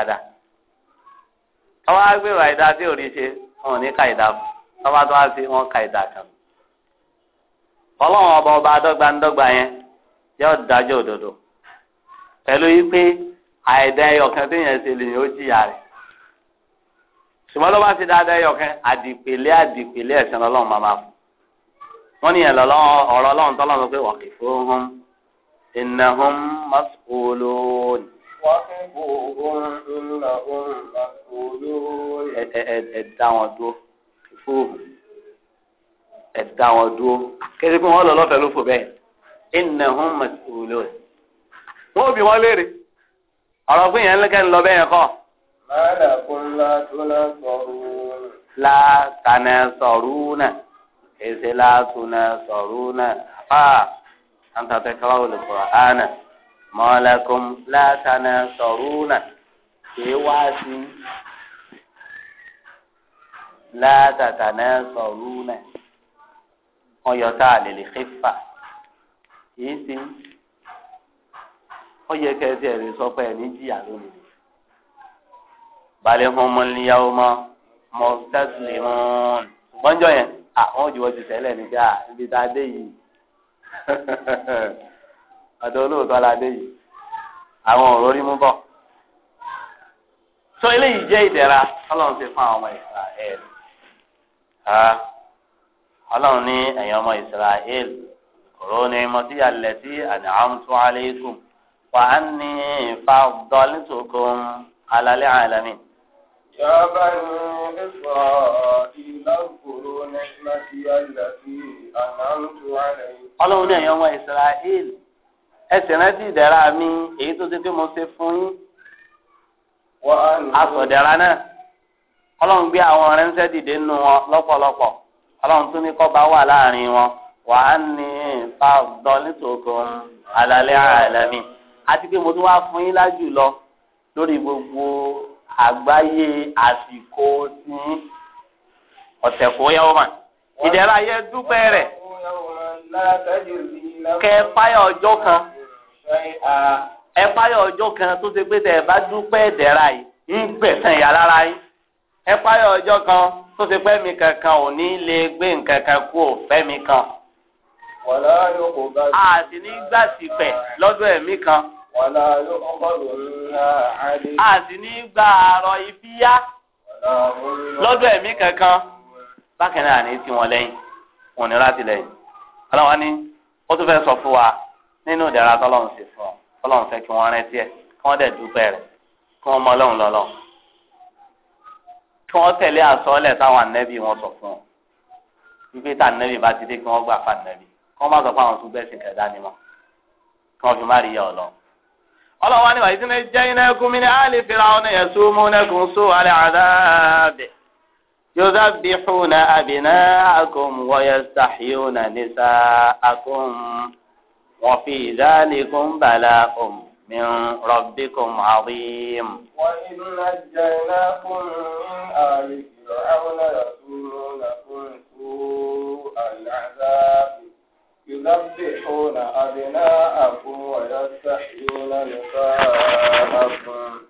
àìdá tí ò ṣe wọn ò ní ka ìdá tó wá sí wọn ka ìdá kan ọba ọba yẹn yóò òdodo pé àìdá ṣùgbọ́n ló bá ti dáadáa yọ kẹ́ àdìpèlé àdìpèlé ẹ̀sìn ọlọ́run máa máa fún wọn ní ẹ̀rọ ọ̀rọ̀ ọlọ́run tọ́lọ́ sọ pé wàkì fóhùn ìnáhùn mọ́sùlùmí. wàkì fóhùn ìnáhùn mọ́sùlùmí. ẹ ẹ ẹ dá wọn dúró fóhùn ẹ dá wọn dúró kẹ́sí pé wọ́n lọ lọ́fẹ̀ẹ́ ló fò bẹ́ẹ̀ ìnáhùn mọ́sùlùmí. wọ́n bí wọ́n léèrè ọ̀rọ̀ fún yẹn ń lọ bẹ́ẹ̀ yẹn kọ́ látànà sọ̀rọ̀ náà èsì látùnà sọ̀rọ̀ náà fà àǹtàtẹ̀kọ́lá olùkọ́ àná mọ́lẹ́kùn látànà sọ̀rọ̀ náà kìí wá sí látàtànà sọ̀rọ̀ náà ọyọ̀tà àlèlè xífà kìí sí ọyẹ kẹsì ẹ̀rí sọ pé ẹni jìyà lónìí balẹ̀ fún ọmọ níyàwó mọ́ mọ́ tẹ́sílẹ̀ mọ́ọ́n ṣùgbọ́n jọ yẹn àwọn òjòwò ti tẹ́lẹ̀ níjà ibi tá a dé yìí ọ̀dọ̀ olóòótọ́ la dé yìí àwọn ọ̀rọ̀ rí mú bọ̀. sọ eléyìí jẹ́ ìdẹ̀ra ọlọ́run ti fún àwọn ọmọ Israel ọlọ́run ní ẹ̀yin ọmọ Israel kòró ni mo ti yàlẹ̀ sí àná àmútú alaykum wa anni fàdọ́lítòkòm alálẹ́ àlámìn. يا بني إسرائيل اذكروا نعمتي التي أنعمت عليكم ọlọ́run ní ẹ̀yàn ọmọ israel ẹsẹ̀ rántí ìdẹ̀ra mi èyí tó ti pé mo ṣe fún yín asọ̀dẹ̀ra náà ọlọ́run gbé àwọn ránṣẹ́ dìde nù wọn lọ́pọ̀lọpọ̀ ọlọ́run tún ní kọ́ba wà láàrin wọn wà á ní fàdọ́ nítòkùn alálẹ́ àlàmì àti pé mo tún wá fún yín lájù lọ lórí gbogbo àgbáyé àsìkò ní ọ̀sẹ̀ kó yẹ́wò mà. ìdẹ́ra yẹ dúpẹ́ rẹ̀ kẹ fáyà ọjọ́ kan ẹ fáyà ọjọ́ kan tó ṣe pé tẹ̀ ẹ bá dúpẹ́ ìdẹ́ra yìí ń gbẹ̀sán ìyá lára yín ẹ fáyà ọjọ́ kan tó ṣe pé mi kankan ò ní lè gbé nǹkan kú ò mi kan. a sì ní gbàsípẹ̀ lọ́dọ̀ ẹ̀mí kan. Ọ̀la yóò kọ́kọ́ lò ńlá àdé. Àti ní gba àrọ̀ ìfíyá lọ́dọ̀ ẹ̀mí kankan. Bákan náà ní tí wọ́n lẹ́yìn, wọ́n ní láti lẹ́yìn. Ọlọ́wọ́n ní ó tún fẹ́ sọ fún wa nínú ìdára tọ́lọ́run ṣe fún ọ. Ọlọ́run fẹ́ kí wọ́n rántí ẹ̀, kí wọ́n dẹ̀ dúpẹ́ rẹ̀, kí wọ́n mọ Ọlọ́run lọ́lọ́. Kí wọ́n tẹ̀lé àsọ́ọ́lẹ̀ táwọn ànẹ́bí wọn sọ fún ọ. Wípé tá ànẹ́bí bá ti dé kí wọ́n gbà fún ànẹ́bí. Kí wọ́n má sọ fún àwọn tó gbẹ̀sìn kẹ̀dá ni Kí wọ́n fi má rí ìyá Ọlọ́run. قالوا وإذ نجيناكم من آل فرعون يسومونكم سوء العذاب يذبحون أبناءكم ويستحيون نساءكم وفي ذلكم بلاء من ربكم عظيم وإذ نجيناكم من آل فرعون يسومونكم يذبحون أبناءكم ويستحيون نساءكم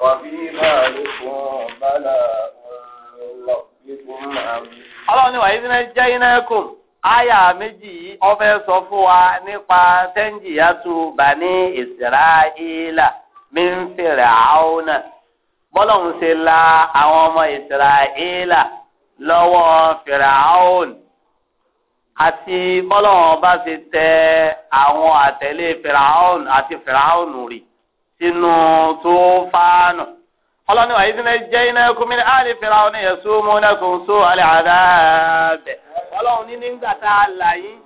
وفي ذلكم بلاء من ربكم عظيم. Ọlọ́run ni wàá yìí ní jẹ́ iná kù. Aya méjì yìí ó fẹ́ sọ fún wa nípa Tẹ́ǹjìyàtú Bani Ìsìráìlà min Fir'auna. Bọ́lọ̀hún ṣe la àwọn ọmọ Ìsìráìlà lọ́wọ́ Fir'aun àti bọ́lọ́wọ́n bá ṣe tẹ àwọn àtẹ̀lé fìràhùn àti fìràhùn rì sínú tó fánù. ọlọ́ni wàá ìdílé jẹ́ iná kúmi ní àlè fìràhùn yẹn sún mú náà kò ń sún àlè àdáàbẹ̀. ọlọ́run ní nígbà tá a là yín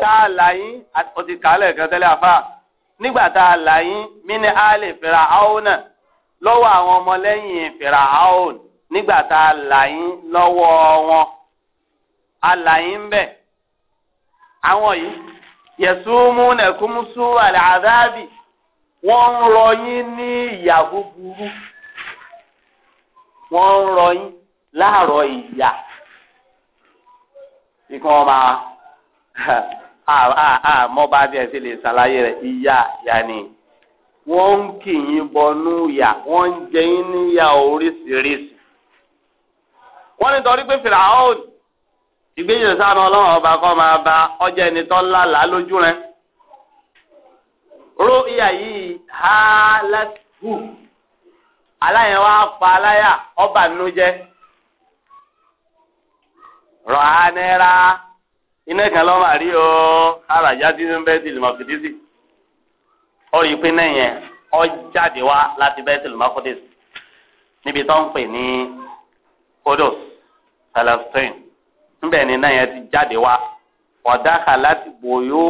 tá a là yín ó ti kàálẹ̀ kan tẹ́lẹ̀ àfà nígbà tá a là yín mí ní àlè fìràhùn náà lọ́wọ́ àwọn ọmọlẹ́yìn fìràhùn nígbà tá a là yín lọ́wọ́ wọn. àlàyé ń bẹ àwọn yìí yẹsùmù nẹkùmùsù wọn ń rọ yín ní ìyà búburú wọn ń rọ yín láàrọ ìyà ìkan máa àmọ́ bá tiẹ̀ sí lè ṣàlàyé rẹ̀ ìyá yanni wọ́n ń kì í bọnú ìyà wọ́n ń jẹ yín níyà oríṣiríṣi wọ́n pé fìlà ìgbéyàn sáà ọlọ́run ọba kọ́ máa ba ọjà ẹni tó ńlá là lójú rẹ. ró ìyá yìí ha lẹ́tù aláyẹn wá pa aláyà ọba nínú jẹ. rọ̀ á nẹ́ra iná kan lọ́ máa rí o àràjá tí ń bẹ́ tìlù mọ̀kìdísì. ó rí i pé náà yẹn ó jáde wá láti bẹ́ tìlù mọ̀kìdísì níbi tó ń pè ní kodos palestine ńbẹ̀ ni náà yẹn ti jáde wá ọ̀dáka láti bòyó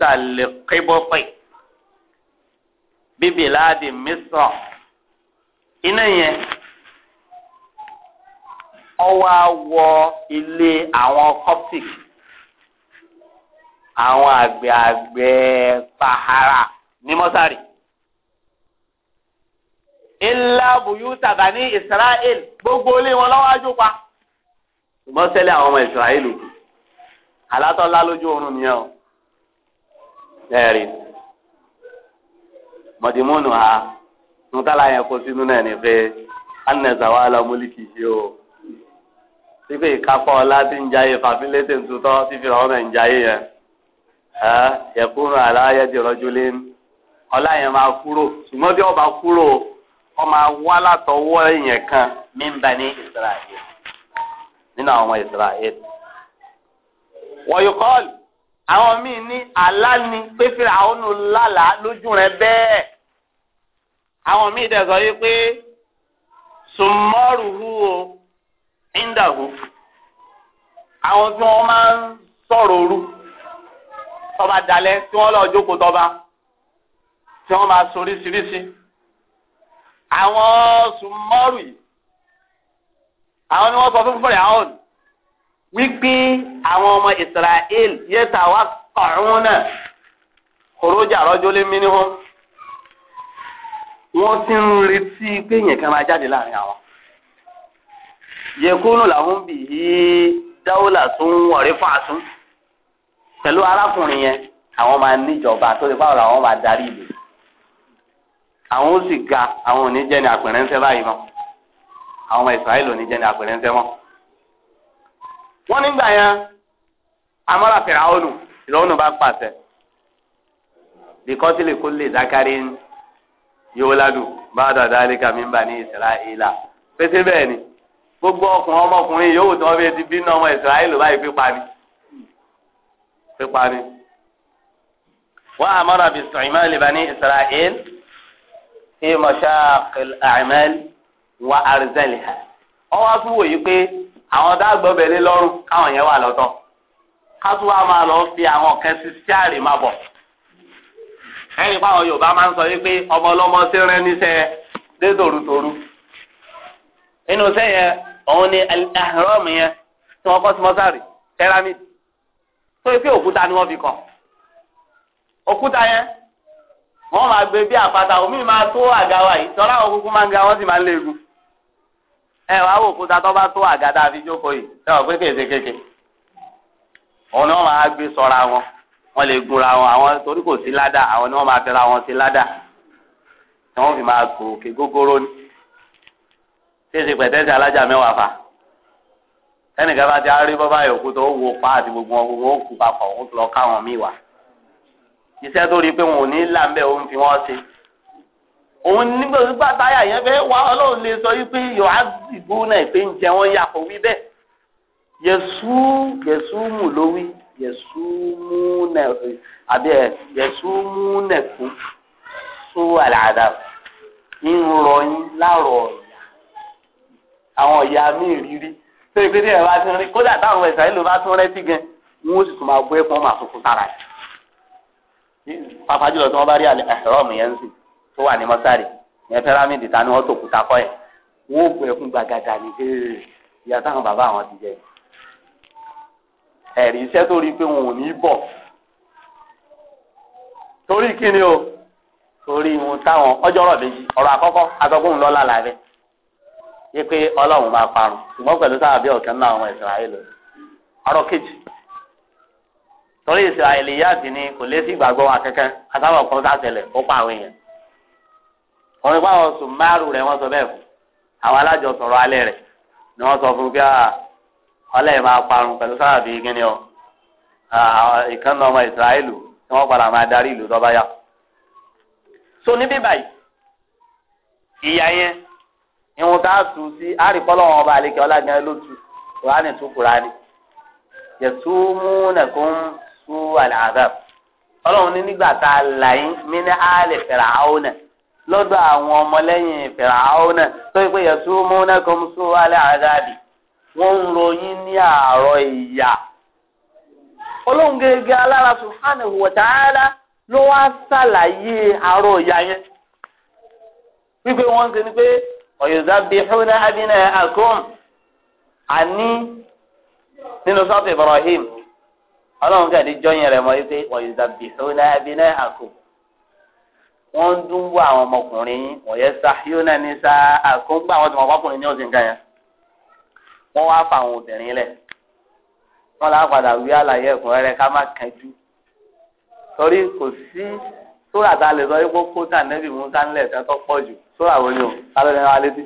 tàlẹ̀ kébọ́pẹ̀ bíbí láàdì mísọ̀ iná yẹn ọwọ́ wọ ilé àwọn coptic àwọn àgbẹ̀ àgbẹ̀ Sahara ní mọ́sárì ilá bùyú tàbá Israel gbogbo ilé wọn lọ́wọ́ ajú pa ṣùgbọ́n sẹ́lẹ̀ àwọn ọmọ ìsirahìlù alátọ́lá lójú oorun nìyẹn o ẹ̀rí mọ̀dìmúnù ha nùtàlá yẹn kó sínú náà ní pé anẹ̀sàwá alámúlìkì ṣe o pípé ìkápọ̀ ọlá tí ń jayé fàfílétè ń tutọ́ tí fi ọmọ ń jayé yẹn ẹ yẹkúrò aláyẹ di rọjòlé ọlá yẹn máa kúrò ṣùgbọ́n bí ọba kúrò ọ máa wá látọwọ́ yẹn kan mí ní ìsirahìlù nínú àwọn ọmọ Israel. wọ́n yóò kọ́ọ̀lù àwọn míì ní àlá ni pé fíra àwọn nù lálàá lójú rẹ bẹ́ẹ̀ àwọn míì dẹ̀ sọ yìí pé sùmọ́rùhù o ìndàhù àwọn tí wọ́n máa ń sọ̀rọ̀ òru tọ́ba dalẹ̀ tí wọ́n lọ jókòó tọ́ba tí wọ́n máa soríṣiríṣi àwọn sùmọ́rù yìí àwọn ni wọ́n sọ fún Fáráò wípé àwọn ọmọ Israel yẹta wá kọ̀ọ̀rún náà kòrójà rọ́jò lé mí níhùn wọ́n ti ń retí pé yẹn kan máa jáde láàrin àwọn. yẹkúnù làwọn bì í dáwọ́là tó ń wọ̀rí fàásùn pẹ̀lú arákùnrin yẹn àwọn máa níjọba tó ti báwọn làwọn máa darí ìlú àwọn ó sì ga àwọn ò ní jẹ́ ní àpẹẹrẹ ń fẹ́ báyìí mọ́ àwọn ọmọ Israẹli oníjẹ ní àpẹẹrẹ ń sẹ́wọ̀n. wọ́n nígbà yẹn amọ́ra fìràwọ́nù ìlọ́wọ́nù bá pàṣẹ bíkọ́sílẹ̀ kó lè zákàrí yóò ládùn bá dàda àlíkà mi ń bà ní Israẹla pété bẹ́ẹ̀ ni gbogbo ọkùnrin ọmọkùnrin yòówù tí wọ́n fi ti bínú ọmọ Israẹli báyìí pípa ni pípa ni. wọ́n amọ́ra bìsùn ìmọ̀ ìlẹ̀ bá ní Israẹli kí mọ̀ṣáàkì àmẹ́lì. wa àrùsẹ̀lìhà ọ wá tún wòye pé àwọn dáàgbọ́ bẹ̀rẹ̀ lọ́rùn káwọn yẹn wà lọ́tọ̀ ká tún wá máa lọ fi àwọn kẹsì sí àrè máa bọ̀ ẹni fáwọn Yorùbá máa ń sọ wípé ọmọ ti inú òun ni yẹn tí wọ́n kọ́ sí mọ́sárì tó òkúta ni fi òkúta yẹn máa gbé bí àpáta omi máa tó àga wa yìí tọ́lá àwọn kúkú máa ń ga sì máa ń ẹ wàá wò kúta tó bá tó àgàdá àfi jókòó yìí ẹ wà pé kéèké kéèké òun ni wọn máa gbé sọra wọn wọn lè gunra wọn àwọn torí kò sí ládà àwọn ni wọn máa fẹ́ra wọn sí ládà ni wọn fi máa gòkè gógóró ni ṣéṣe pẹ̀tẹ́sì alájà mẹ́wàá fa ẹnìkan bá ti arí bọ́bá yòókù tó wo pa àti gbogbo wọn gbogbo wọn kú papọ̀ wọn lọ káwọn míì wá iṣẹ́ tó rí pé wọn ò ní là ń fi wọ́n ṣe òun nígbà wípé àtàyà yẹn fẹ́ wá ọlọ́run lè sọ wípé yọ̀hásìbù náà pé ń jẹ wọ́n yà kó wí bẹ́ẹ̀ yẹ̀sú yẹ̀sú mù ló wí yẹ̀sú mú nẹ̀ àbí ẹ̀ yẹ̀sú mú nẹ̀ fún sú àlàdà ń rọ yín láàrọ̀ ọ̀yà àwọn ọ̀yà míì rírí tó ìpínlẹ̀ ẹ̀ bá ti rí kódà táwọn ẹ̀sà ìlú bá tún rẹ́tí gan wọn ó sì tún máa gbé ẹ̀pọ̀n máa tuntun sára pàápàá jùlọ tí wọ́n bá rí àlẹ́ ẹ̀rọ mi yẹn ń sìn. tó wà ní mọ́sárì yẹn pẹ́rámìdì ta ni wọ́n tó kúta kọ́ ẹ̀ wọ́n ò bu ẹkún gbàgàdà ní ìyá táwọn bàbá àwọn ti jẹ ẹ̀rí iṣẹ́ tó rí i pé wọn ò ní bọ̀ torí kí ni o torí wọn táwọn ọjọ́ ọ̀rọ̀ méjì ọ̀rọ̀ àkọ́kọ́ agbọ́gbọ́n lọ́la làbẹ́ yé pé ọlọ́run máa parun ṣùgbọ́n pẹ̀lú sábàbí ọ̀kan náà àwọn ìsirayẹlì ọ̀rọ̀ kejì torí ìsirayẹlì yáàdì ni kò lé sí ìgbàgbọ́ wa kan ó pa wọn ní báwọn sùn márùn rẹ wọn sọ bẹ́ẹ̀ fún àwọn alájọ sọ̀rọ̀ alẹ́ rẹ ni wọn sọ fún bí ọlẹ́yìn ah, máa parun pẹ̀lú sábàbí gíní o ah, ìkànnì ọmọ ìsirahìlù tí wọn padà máa darí ìlú tó bá yá. so níbí báyìí ìyá yẹn ìwọn tá a tù sí àríkọ́lọ́ wọn ọba àlekẹ́ ọlágbẹ́n ló tù kùránì tù kùránì yẹtù múnẹkùn sú àlàáfẹ́ ọlọ́run ní nígbà tá a là yín mí ní àlè fẹ̀rẹ̀ àwọn náà. lọ́dọ̀ àwọn ọmọlẹ́yìn fìràwọ́ tó pé yẹ̀sùn múnákùn sún alẹ́ àdáàbì wọ́n ń ròyìn ní àárọ̀ ìyà. ọlọ́run gẹ́gẹ́ alára subhanahu ló wá sàlàyé àárọ̀ yẹn. wípé wọ́n pé ọ̀yọ̀dá bí abiná àkóhùn àní nínú sọ́ọ̀tì Ibrahim ọlọ́run jọyìn rẹ̀ mọ́ wípé ọ̀yọ̀dá bí abiná àkóhùn. wọ́n ń dún wọ àwọn ọmọkùnrin yín ọ̀yẹ́ sá yóò náà ní sá àkóńgbà àwọn ọmọ ọkùnrin ní ọ̀sìn kan yẹn wọ́n wá fa àwọn obìnrin lẹ̀ wọ́n lá padà wí àlàyé ẹ̀kúnrẹ́rẹ́ ká má kánjú torí kò sí sóra tá a lè sọ yìí kó kó tàn nẹ́bì mú sánlẹ̀ tán tó pọ̀ jù sóra wo ni o sálọ́ ní wa létí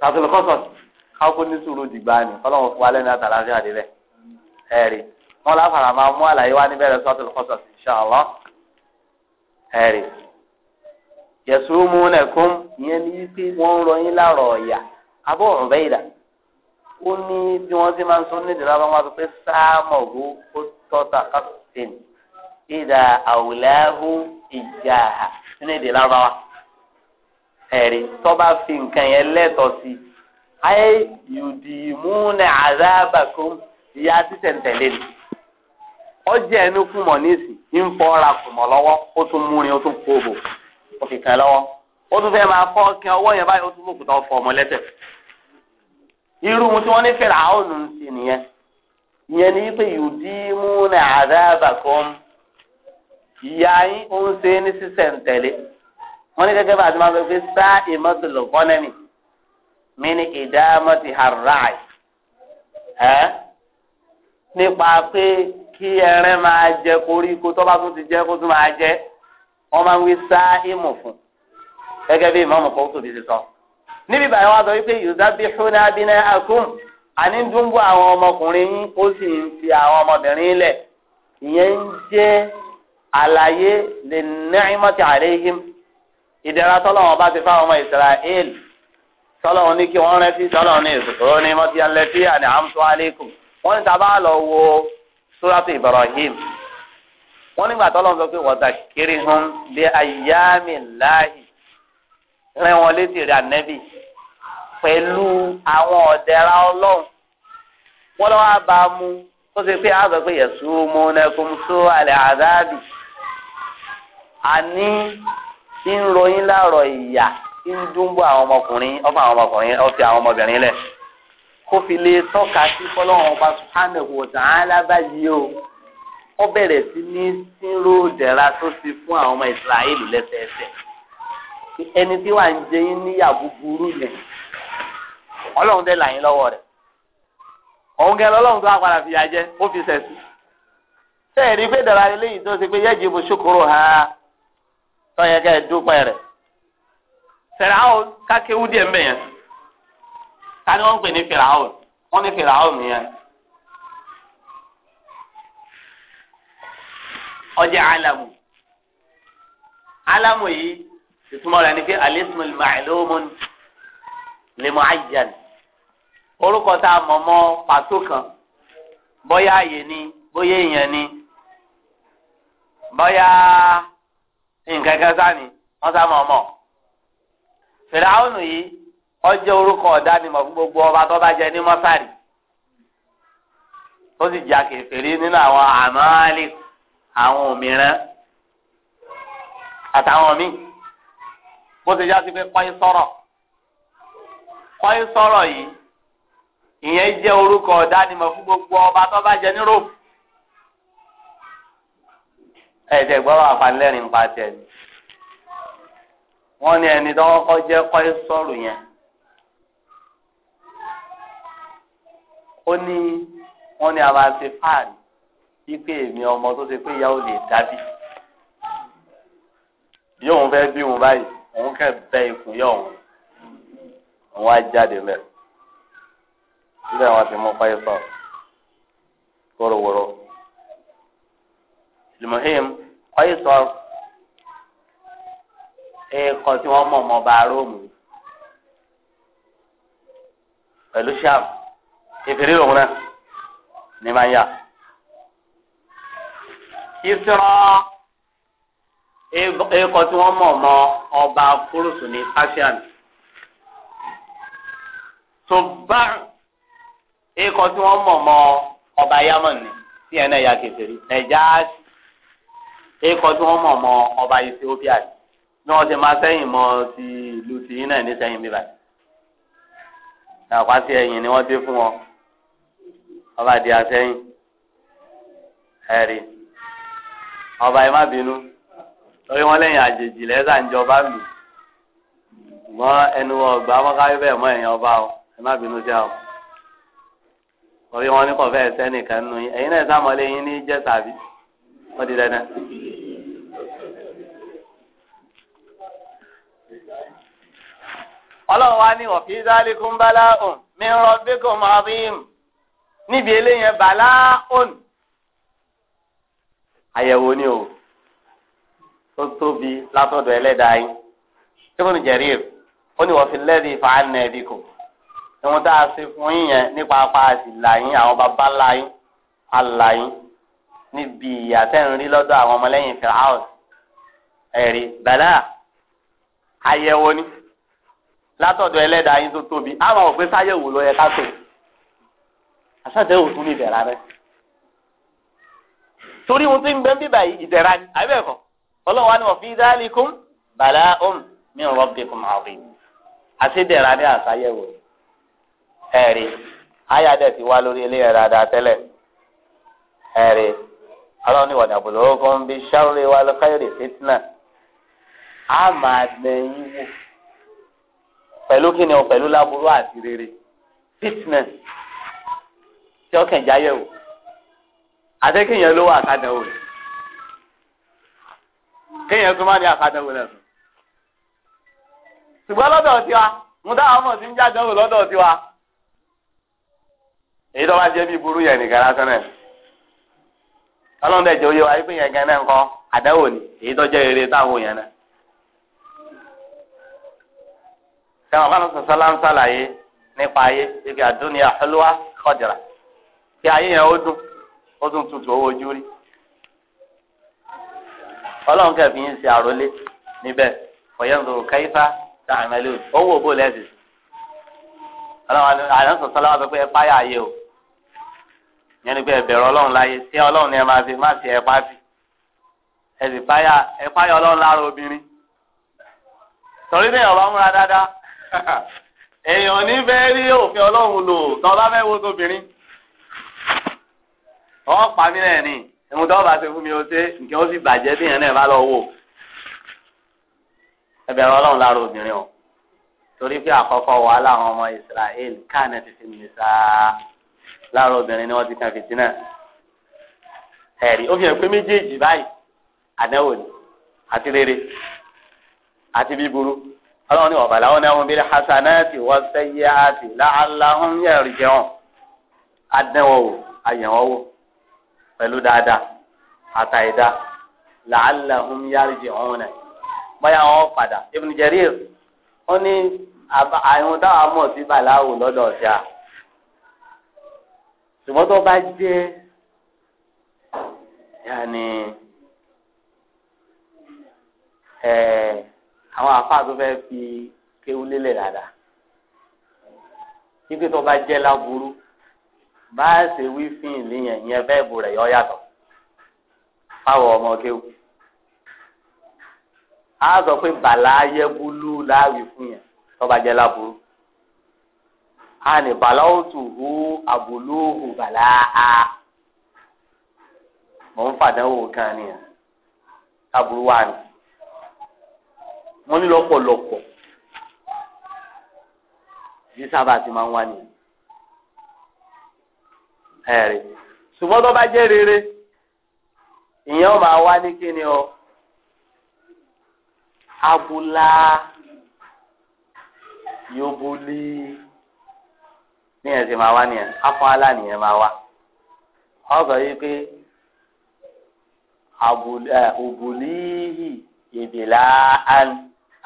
sàtúlù kọ́sọ̀ káwọ́kó ní sùúrù dìgbà ni ọlọ́run fún wa lẹ́nu àtàlàfíà délẹ̀ ẹ̀rí wọ́n lá fara máa mú àlàyé wá níbẹ̀rẹ̀ sàtúlù kọ́sọ̀ inshallah ẹ̀rì yasumunakum ìyẹn ní wípé wọ́n ń rọ yín láàrọ̀ ọ̀yà abọ́ ọ̀rọ̀ bẹ́ẹ̀ dà ó ní bí wọ́n ti máa ń sọ nídìí lábá wọn pé sáàmù ọ̀gbọ́n ó tọ́ta kápẹ́tìn ìjà nídìí wa tọ́ba fi nǹkan yẹn lẹ́tọ̀ọ́ sí i ayé yùdìmúnà àdábàkùn ìyá n'isi. ń fọ́ ra kùmọ̀ lọ́wọ́ ó tún múrin ó tún kó bò ó fi kàn lọ́wọ́ ó tún fẹ́ máa fọ́ kí ọwọ́ yẹn báyìí ó tún mọ̀kútà ọ̀fọ̀ ọmọ lẹ́sẹ̀. irú ohun tí wọ́n ní fèrè àwọn òun sí nìyẹn ìyẹn ní pé yòdì mú ní àdáàbà kan ìyá yín ó ń ṣe ní sísẹ̀ǹtẹ̀lé wọ́n ní gẹ́gẹ́ bá a ti máa sọ pé sá ìmọ̀tòlò kọ́nẹ́mì mí ní ìdámọ́tì harai ẹ́ nípa pé kí ẹrẹ máa jẹ koríko tó tún ti jẹ kó tún máa jẹ wọn máa ń wí sá fún gẹ́gẹ́ bí ìmọ̀ọ́mù kan tóbi ti sọ. níbi báyìí wa sọ wípé yuzabihuna abina'akum àní ń àwọn ọmọkùnrin yín ó sì ń fi àwọn ọmọbìnrin ìyẹn ń àlàyé lè bá ti fáwọn ọmọ Israel ní kí wọ́n ní ìsòkòrò ní wọ́n ní suratu ibrahim wọ́n nígbà tó lọ́n sọ pé wọ́n zakiri hàn bí ayámi láàyè rìn wọn létí rẹ̀ ànẹ́bì pẹ̀lú àwọn ọ̀dẹ́ra ọlọ́run wọ́n lọ́wọ́ bá a mú ó ṣe pé àwọn sọ pé yẹ̀sù múnẹ́kùn sọ àlẹ́ àdáàbì àní ń láàrọ̀ ń dúnbọ̀ àwọn kó fi lè tọ́ka sí fọlọ́run ọba subhanahu wa ta'ala báyìí o ó bẹ̀rẹ̀ sí ní sínú ìdẹ̀ra tó ti fún àwọn ọmọ ìsirahìlì lẹ́sẹẹsẹ ẹni tí wàá ń jẹ yín níyà búburú yẹn ọlọ́run dẹ̀ là lọ́wọ́ rẹ̀ òun gẹ́gẹ́ lọ́lọ́run tó wá fi ó fi sẹ́ẹ̀rí pé dara eléyìí tó ṣe pé yẹ́jì bó ṣokòrò ha dúpẹ́ rẹ̀ kákéwú díẹ̀ ta ni wọ́n pè ní firaun wọ́n ní firaun yẹn. ọjà alamu alamu yìí ìtumọ̀ rẹ̀ ni pé alismul ma'lumun li mu'ayyan orúkọ tá a mọ̀ mọ́ pàtó kan bóyá àyè ni bóyá èèyàn ni bóyá nǹkan kan sáà ni wọ́n sá mọ̀ mọ́ fìràwọ̀nù yìí. ọjọ́ orúkọ ọ̀dánimọ̀ fún gbogbo ọba tó bá jẹ ní mọ́sárì ó sì jà nínú àwọn àmọ́álì àwọn òmìnira àtàwọn míì bó ti já sí pé kọ́yìn sọ̀rọ̀ kọ́yìn sọ̀rọ̀ yìí ìyẹn jẹ́ orúkọ gbogbo ọba tó bá jẹ ní rome gbọ́dọ̀ pa ni wọ́n ní ẹni tó kọ́kọ́ jẹ́ ó ní wọ́n ní abáṣe fáàlì wípé èmi ọmọ tó ṣe pé ìyá ò lè dábì yóò fẹ́ bí wọn báyìí òun kẹ́ bẹ ikùn yọ òun òun á jáde mẹ́ síbẹ̀ wọn ti mú fáyé sọ wọ́rọ̀wọ́rọ̀ lùmọ̀hìm fáyé sọ ẹ̀ẹ̀kan tí wọ́n mọ̀ ọmọ bá róòmù pẹ̀lú ṣáàpù kẹfìrí lòun náà ní máa ń yà. ìsirọ́ ẹ̀kọ́ tí wọ́n mọ̀ mọ́ ọba kúrúsù ní Persian. tùbá ẹ̀kọ́ tí wọ́n mọ̀ mọ́ ọba Yemen ní tí ẹ̀ náà ya kẹfìrí. nàìjíríà ẹ̀kọ́ tí wọ́n mọ̀ mọ́ ọba Ethiopia ní ní wọn ti máa sẹ́yìn mọ́ ti ìlú tìyín náà ní sẹ́yìn bíbá ọba di asẹ́yìn ẹ̀rí ọba ẹ má bínú lórí wọn lẹ́yìn àjèjì lẹ́sà ń jọba mi mọ ẹnu ọgbà mọ́káwé bẹ́ẹ̀ mọ ẹ̀yìn ọba o ẹ má bínú sí àwọn orí wọn ní kò fẹ́ sẹ́nìkan nù yín ẹ̀yin náà sàmọ́lé yín ní jẹ́sà bí wọ́n di dandan. ọlọ́run wa ní ọ̀fíìsì alikun ọ̀hún mi ń rọ bíkọ́ mọ́ abíyìn níbi eléyẹn bàlá òun àyẹ̀wò ni o tó tóbi látọ̀dọ̀ ẹlẹ́dàá yín Ibn Jarir ó ní wọ́n fi lẹ́ẹ̀dì fàánà ẹbí kò ìwọ̀n tá a ṣe fún yín yẹn nípa apá àsìlà yín àwọn bàbá ńlá yín àlà yín níbi ìyà tẹ́ ń rí lọ́dọ̀ àwọn ọmọlẹ́yìn Fir'aun ẹ̀rí bàlá àyẹ̀wò ni látọ̀dọ̀ ẹlẹ́dàá yín tó tóbi àwọn òpin sáyẹ̀wò ló yẹ ká sèé asátẹ́wò tún ní ìdẹ̀ra rẹ torí ohun tí ń bẹ ń bíbà yìí ìdẹ̀ra ni àbí ẹ̀kọ́ ọlọ́run wa ni wọ́n fi dáálíkùn bàlá òm ní rabbikum azim àṣìdẹ̀ra ní àṣàyẹ̀wò ẹ̀rí ayáde ti wá lórí ilé ẹ̀rọ adá tẹ́lẹ̀ ẹ̀rí ọlọ́run ni wọ̀dà bùlọ́gùn bí sharri wal khairi fitna á máa dẹ̀yìn wò pẹ̀lú kíni o pẹ̀lú láburú àti rere fitna. tí ọkàn ìjà yẹ̀wò àtẹ́kẹ̀yìn ló wà àkàdánwò rẹ̀ kéèyàn tún má ní àkàdánwò rẹ̀ sùn. ṣùgbọ́n lọ́dọ̀ tiwa mo dáhà mọ̀ sí ń lọ́dọ̀ tiwa èyí tó bá jẹ́ bí burú yẹn nìkan lásán náà jẹ́ wa wípé yẹn gan náà ń kọ́ àdánwò ni èyí tó jẹ́ rere táwọn yẹn náà. sẹ́wọ̀n bá ń sọ sọ́lá ń sàlàyé kí ayé yẹn ó dùn ó dùn tutù owó ojú rí ọlọ́run kẹfì yín ṣe àròlé níbẹ̀ ọ̀yẹ́nzòrò káyífà tá àmàlẹ́ òdì owó òbó lẹ́sìn ọlọ́run àdán sọ̀tọ́ láwọn pé ẹ páyà ayé o yẹn ni pé ẹ ọlọ́run láyé tí ọlọ́run ni ẹ máa fi má ẹ pa ẹ sì ọlọ́run lára obìnrin torí ní ọba múra ọ pa mí náà ni ẹmu tó bá ṣe fún mi ó ṣe nǹkan ó sì bàjẹ́ bí yẹn náà bá lọ wò ẹbẹ̀rẹ̀ ọlọ́run lára obìnrin o torí pé àkọ́kọ́ wàhálà àwọn ọmọ Israel káàní ti fi mi sá lára obìnrin ni wọ́n ti kan fìtínà ẹ̀rí ó fi hàn pé méjèèjì báyìí àdánwò ni àti rere àti bíburú ọlọ́run ní ọ̀bàlá wọn náà wọn bí hasanati wọ́n sẹ́yẹ́ àti láàlá wọn yẹ̀ rìjẹun wò àyẹ̀wò wò pẹ̀lú dáadáa àtàìdá la'allahum yarji'un bóyá wọn padà Ibn Jarir ó ní àìhun táwọn mọ̀ sí bàláwò lọ́dọ̀ ọ̀sẹ̀ à ṣùgbọ́n tó bá jẹ́ yàní ẹ̀ àwọn àfáà tó fẹ́ fi kéwú lélẹ̀ dáadáa kíkẹ́ tó bá jẹ́ láburú bá ṣe wí fún ìlú yẹn yẹn bẹ́ẹ̀bù rẹ̀ yọ yàtọ̀ fáwọn ọmọ kéwù á sọ pé bàlá ayébúlú láàwì fún yẹn tọ́ba jẹ́ láburú á ní bàlá òtùhù àbúlóhù bàlá a mọ̀ ń fàdánwò kan nìyẹn láburú wà ní wọ́n ní lọ́pọ̀lọpọ̀ bí sábà ti máa ń wá nìyẹn ẹ̀rí ṣùgbọ́n tó bá jẹ́ rere ìyẹn ò máa wá ní kíni o abúlá yóbólí níyẹn ti máa wá nìyẹn afọ́nlá nìyẹn máa wá ọ̀sọ̀ yìí pé òbòlíhì ìbìlá án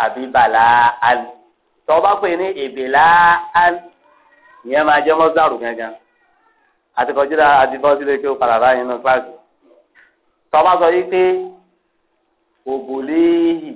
àbíbàlá án tọ́ bá pè ní ìbìlá án ìyẹn máa jẹ́ mọ́sálù gangan àtikọjú dá àdìbọ́ sílé kí ó padà báyìí nínú kíláàsì tọ́ba sọ yìí pé òbòléhì